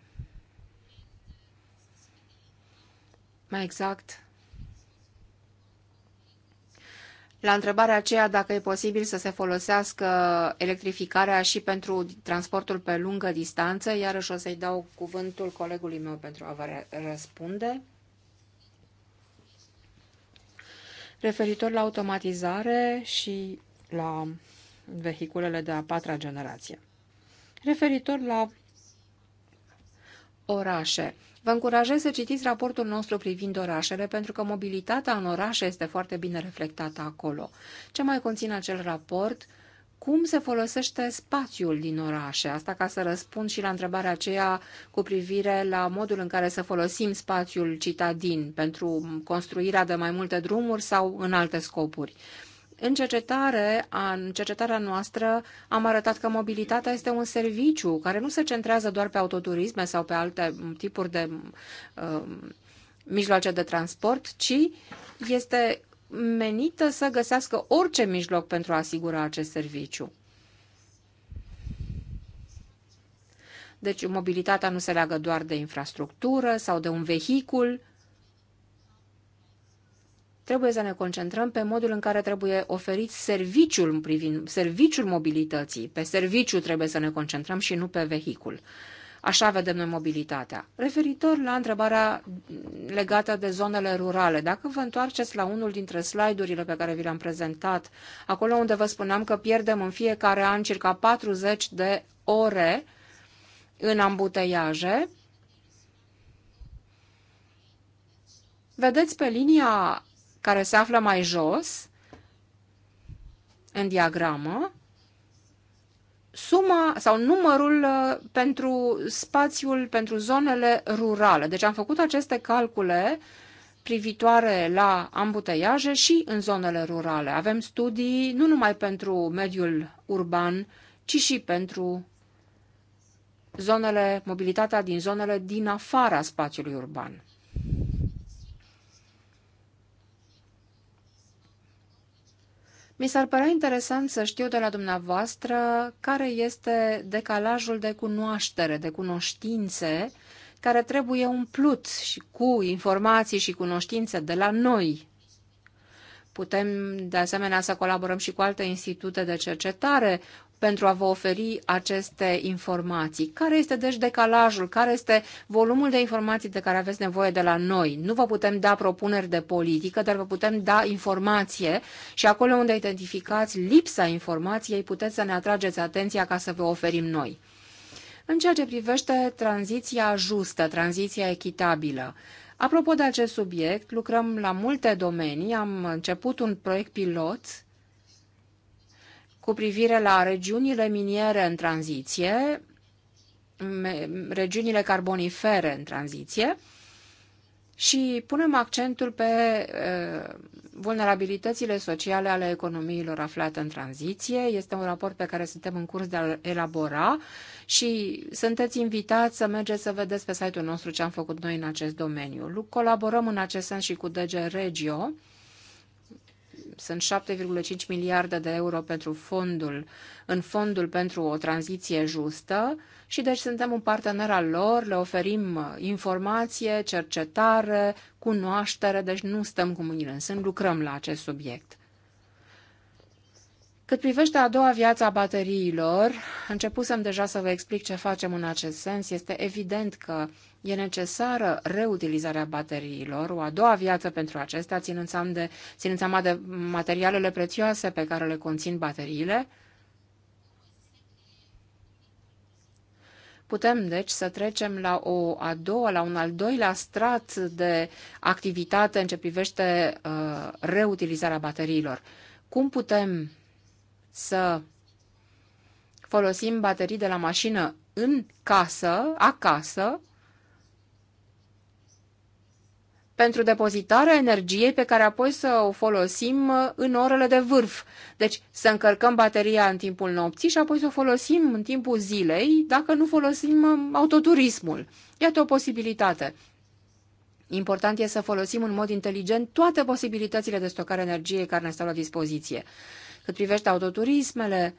mai exact, La întrebarea aceea dacă e posibil să se folosească electrificarea și pentru transportul pe lungă distanță, iarăși o să-i dau cuvântul colegului meu pentru a vă răspunde. Referitor la automatizare și la vehiculele de a patra generație. Referitor la orașe. Vă încurajez să citiți raportul nostru privind orașele, pentru că mobilitatea în orașe este foarte bine reflectată acolo. Ce mai conține acel raport? Cum se folosește spațiul din orașe? Asta ca să răspund și la întrebarea aceea cu privire la modul în care să folosim spațiul citadin pentru construirea de mai multe drumuri sau în alte scopuri. În, cercetare, în cercetarea noastră am arătat că mobilitatea este un serviciu care nu se centrează doar pe autoturisme sau pe alte tipuri de uh, mijloace de transport, ci este menită să găsească orice mijloc pentru a asigura acest serviciu. Deci mobilitatea nu se leagă doar de infrastructură sau de un vehicul, trebuie să ne concentrăm pe modul în care trebuie oferit serviciul, privind, serviciul mobilității. Pe serviciu trebuie să ne concentrăm și nu pe vehicul. Așa vedem noi mobilitatea. Referitor la întrebarea legată de zonele rurale, dacă vă întoarceți la unul dintre slide-urile pe care vi le-am prezentat, acolo unde vă spuneam că pierdem în fiecare an circa 40 de ore în ambuteiaje, vedeți pe linia care se află mai jos, în diagramă, suma sau numărul uh, pentru spațiul, pentru zonele rurale. Deci am făcut aceste calcule privitoare la ambuteiaje și în zonele rurale. Avem studii nu numai pentru mediul urban, ci și pentru zonele, mobilitatea din zonele din afara spațiului urban. Mi s-ar părea interesant să știu de la dumneavoastră care este decalajul de cunoaștere, de cunoștințe, care trebuie umplut și cu informații și cunoștințe de la noi. Putem, de asemenea, să colaborăm și cu alte institute de cercetare, pentru a vă oferi aceste informații. Care este deci decalajul? Care este volumul de informații de care aveți nevoie de la noi? Nu vă putem da propuneri de politică, dar vă putem da informație și acolo unde identificați lipsa informației puteți să ne atrageți atenția ca să vă oferim noi. În ceea ce privește tranziția justă, tranziția echitabilă, Apropo de acest subiect, lucrăm la multe domenii. Am început un proiect pilot cu privire la regiunile miniere în tranziție, regiunile carbonifere în tranziție și punem accentul pe vulnerabilitățile sociale ale economiilor aflate în tranziție. Este un raport pe care suntem în curs de a elabora și sunteți invitați să mergeți să vedeți pe site-ul nostru ce am făcut noi în acest domeniu. Colaborăm în acest sens și cu DG Regio, sunt 7,5 miliarde de euro pentru fondul, în fondul pentru o tranziție justă și deci suntem un partener al lor, le oferim informație, cercetare, cunoaștere, deci nu stăm cu mâinile în sân, lucrăm la acest subiect. Cât privește a doua viață a bateriilor, începusem deja să vă explic ce facem în acest sens. Este evident că E necesară reutilizarea bateriilor, o a doua viață pentru acestea, ținând, seama de, ținând seama de materialele prețioase pe care le conțin bateriile. Putem, deci, să trecem la o a doua, la un al doilea strat de activitate în ce privește uh, reutilizarea bateriilor. Cum putem să folosim baterii de la mașină în casă, acasă, pentru depozitarea energiei pe care apoi să o folosim uh, în orele de vârf. Deci să încărcăm bateria în timpul nopții și apoi să o folosim în timpul zilei dacă nu folosim uh, autoturismul. Iată o posibilitate. Important e să folosim în mod inteligent toate posibilitățile de stocare energiei care ne stau la dispoziție. Cât privește autoturismele,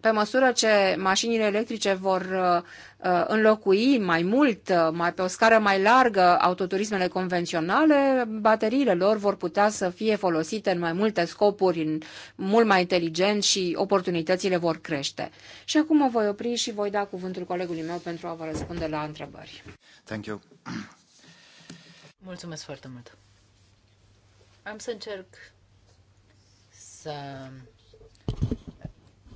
pe măsură ce mașinile electrice vor uh, înlocui mai mult, uh, mai pe o scară mai largă, autoturismele convenționale, bateriile lor vor putea să fie folosite în mai multe scopuri, în mult mai inteligent și oportunitățile vor crește. Și acum mă voi opri și voi da cuvântul colegului meu pentru a vă răspunde la întrebări. Thank you. Mulțumesc foarte mult. Am să încerc să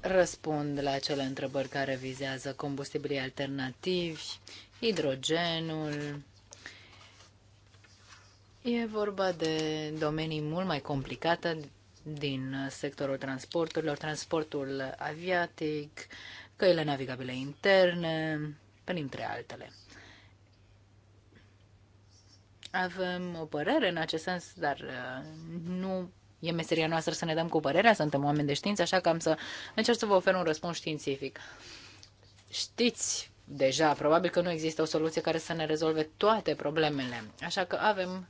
răspund la acele întrebări care vizează combustibilii alternativi, hidrogenul. E vorba de domenii mult mai complicate din sectorul transporturilor, transportul aviatic, căile navigabile interne, printre altele. Avem o părere în acest sens, dar uh, nu e meseria noastră să ne dăm cu părerea, suntem oameni de știință, așa că am să încerc să vă ofer un răspuns științific. Știți deja, probabil că nu există o soluție care să ne rezolve toate problemele, așa că avem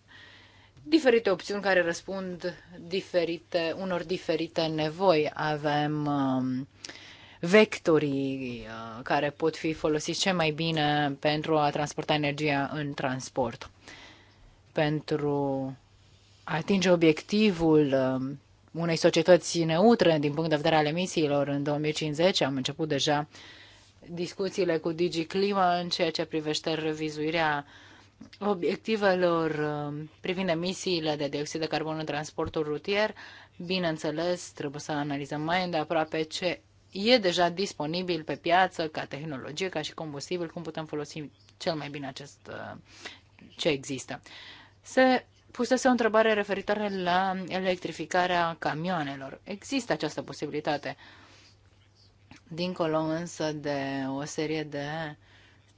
diferite opțiuni care răspund diferite, unor diferite nevoi. Avem um, vectorii uh, care pot fi folosiți cel mai bine pentru a transporta energia în transport. Pentru atinge obiectivul um, unei societăți neutre din punct de vedere al emisiilor în 2050. Am început deja discuțiile cu DigiClima în ceea ce privește revizuirea obiectivelor um, privind emisiile de dioxid de carbon în transportul rutier. Bineînțeles, trebuie să analizăm mai îndeaproape ce e deja disponibil pe piață ca tehnologie, ca și combustibil, cum putem folosi cel mai bine acest uh, ce există. Se pusese o întrebare referitoare la electrificarea camioanelor. Există această posibilitate. Dincolo însă de o serie de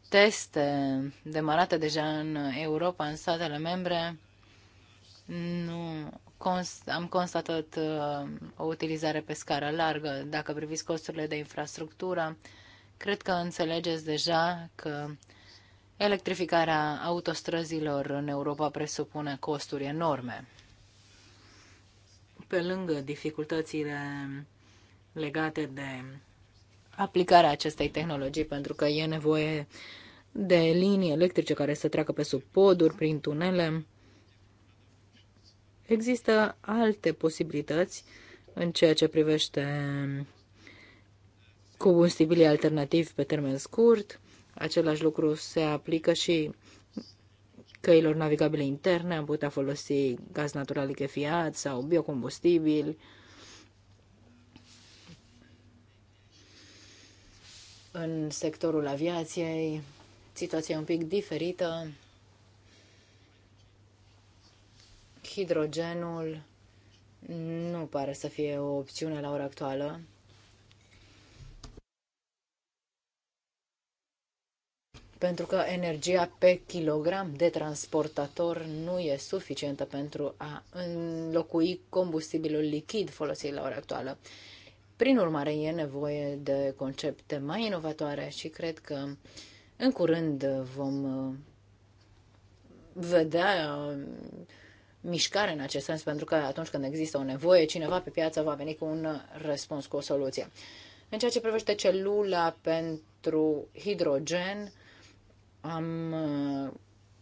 teste demarate deja în Europa, în statele membre, nu const, am constatat uh, o utilizare pe scară largă. Dacă priviți costurile de infrastructură, cred că înțelegeți deja că uh, Electrificarea autostrăzilor în Europa presupune costuri enorme. Pe lângă dificultățile legate de aplicarea acestei tehnologii, pentru că e nevoie de linii electrice care să treacă pe sub poduri, prin tunele. Există alte posibilități în ceea ce privește combustibilii alternativi pe termen scurt, Același lucru se aplică și căilor navigabile interne, am putea folosi gaz natural lichefiat sau biocombustibil. În sectorul aviației, situația e un pic diferită. Hidrogenul nu pare să fie o opțiune la ora actuală. pentru că energia pe kilogram de transportator nu e suficientă pentru a înlocui combustibilul lichid folosit la ora actuală. Prin urmare, e nevoie de concepte mai inovatoare și cred că în curând vom uh, vedea uh, mișcare în acest sens, pentru că atunci când există o nevoie, cineva pe piață va veni cu un răspuns, cu o soluție. În ceea ce privește celula pentru hidrogen, am uh,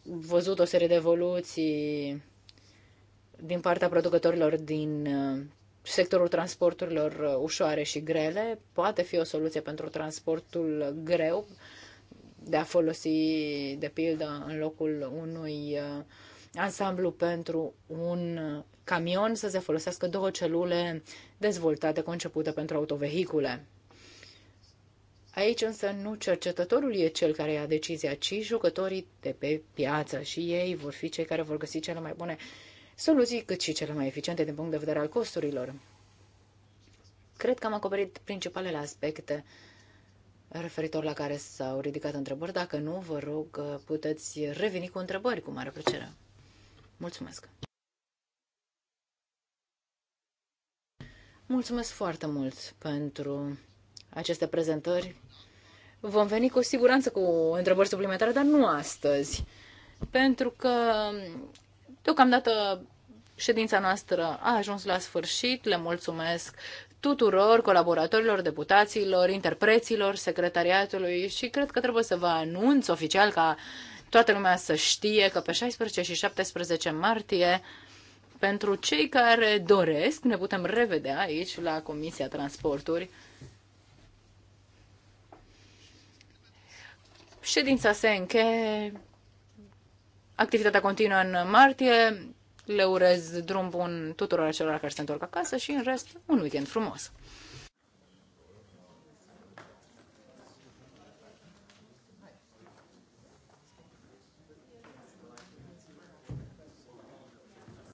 văzut o serie de evoluții din partea producătorilor din uh, sectorul transporturilor uh, ușoare și grele. Poate fi o soluție pentru transportul greu de a folosi, de pildă, în locul unui ansamblu pentru un camion să se folosească două celule dezvoltate, concepute pentru autovehicule. Aici însă nu cercetătorul e cel care ia decizia, ci jucătorii de pe piață și ei vor fi cei care vor găsi cele mai bune soluții, cât și cele mai eficiente din punct de vedere al costurilor. Cred că am acoperit principalele aspecte referitor la care s-au ridicat întrebări. Dacă nu, vă rog, puteți reveni cu întrebări cu mare plăcere. Mulțumesc! Mulțumesc foarte mult pentru aceste prezentări. Vom veni cu siguranță cu întrebări suplimentare, dar nu astăzi. Pentru că, deocamdată, ședința noastră a ajuns la sfârșit. Le mulțumesc tuturor colaboratorilor, deputaților, interpreților, secretariatului și cred că trebuie să vă anunț oficial ca toată lumea să știe că pe 16 și 17 martie pentru cei care doresc, ne putem revedea aici la Comisia Transporturi. Ședința se încheie. Activitatea continuă în martie. Le urez drum bun tuturor celor care se întorc acasă și în rest un weekend frumos.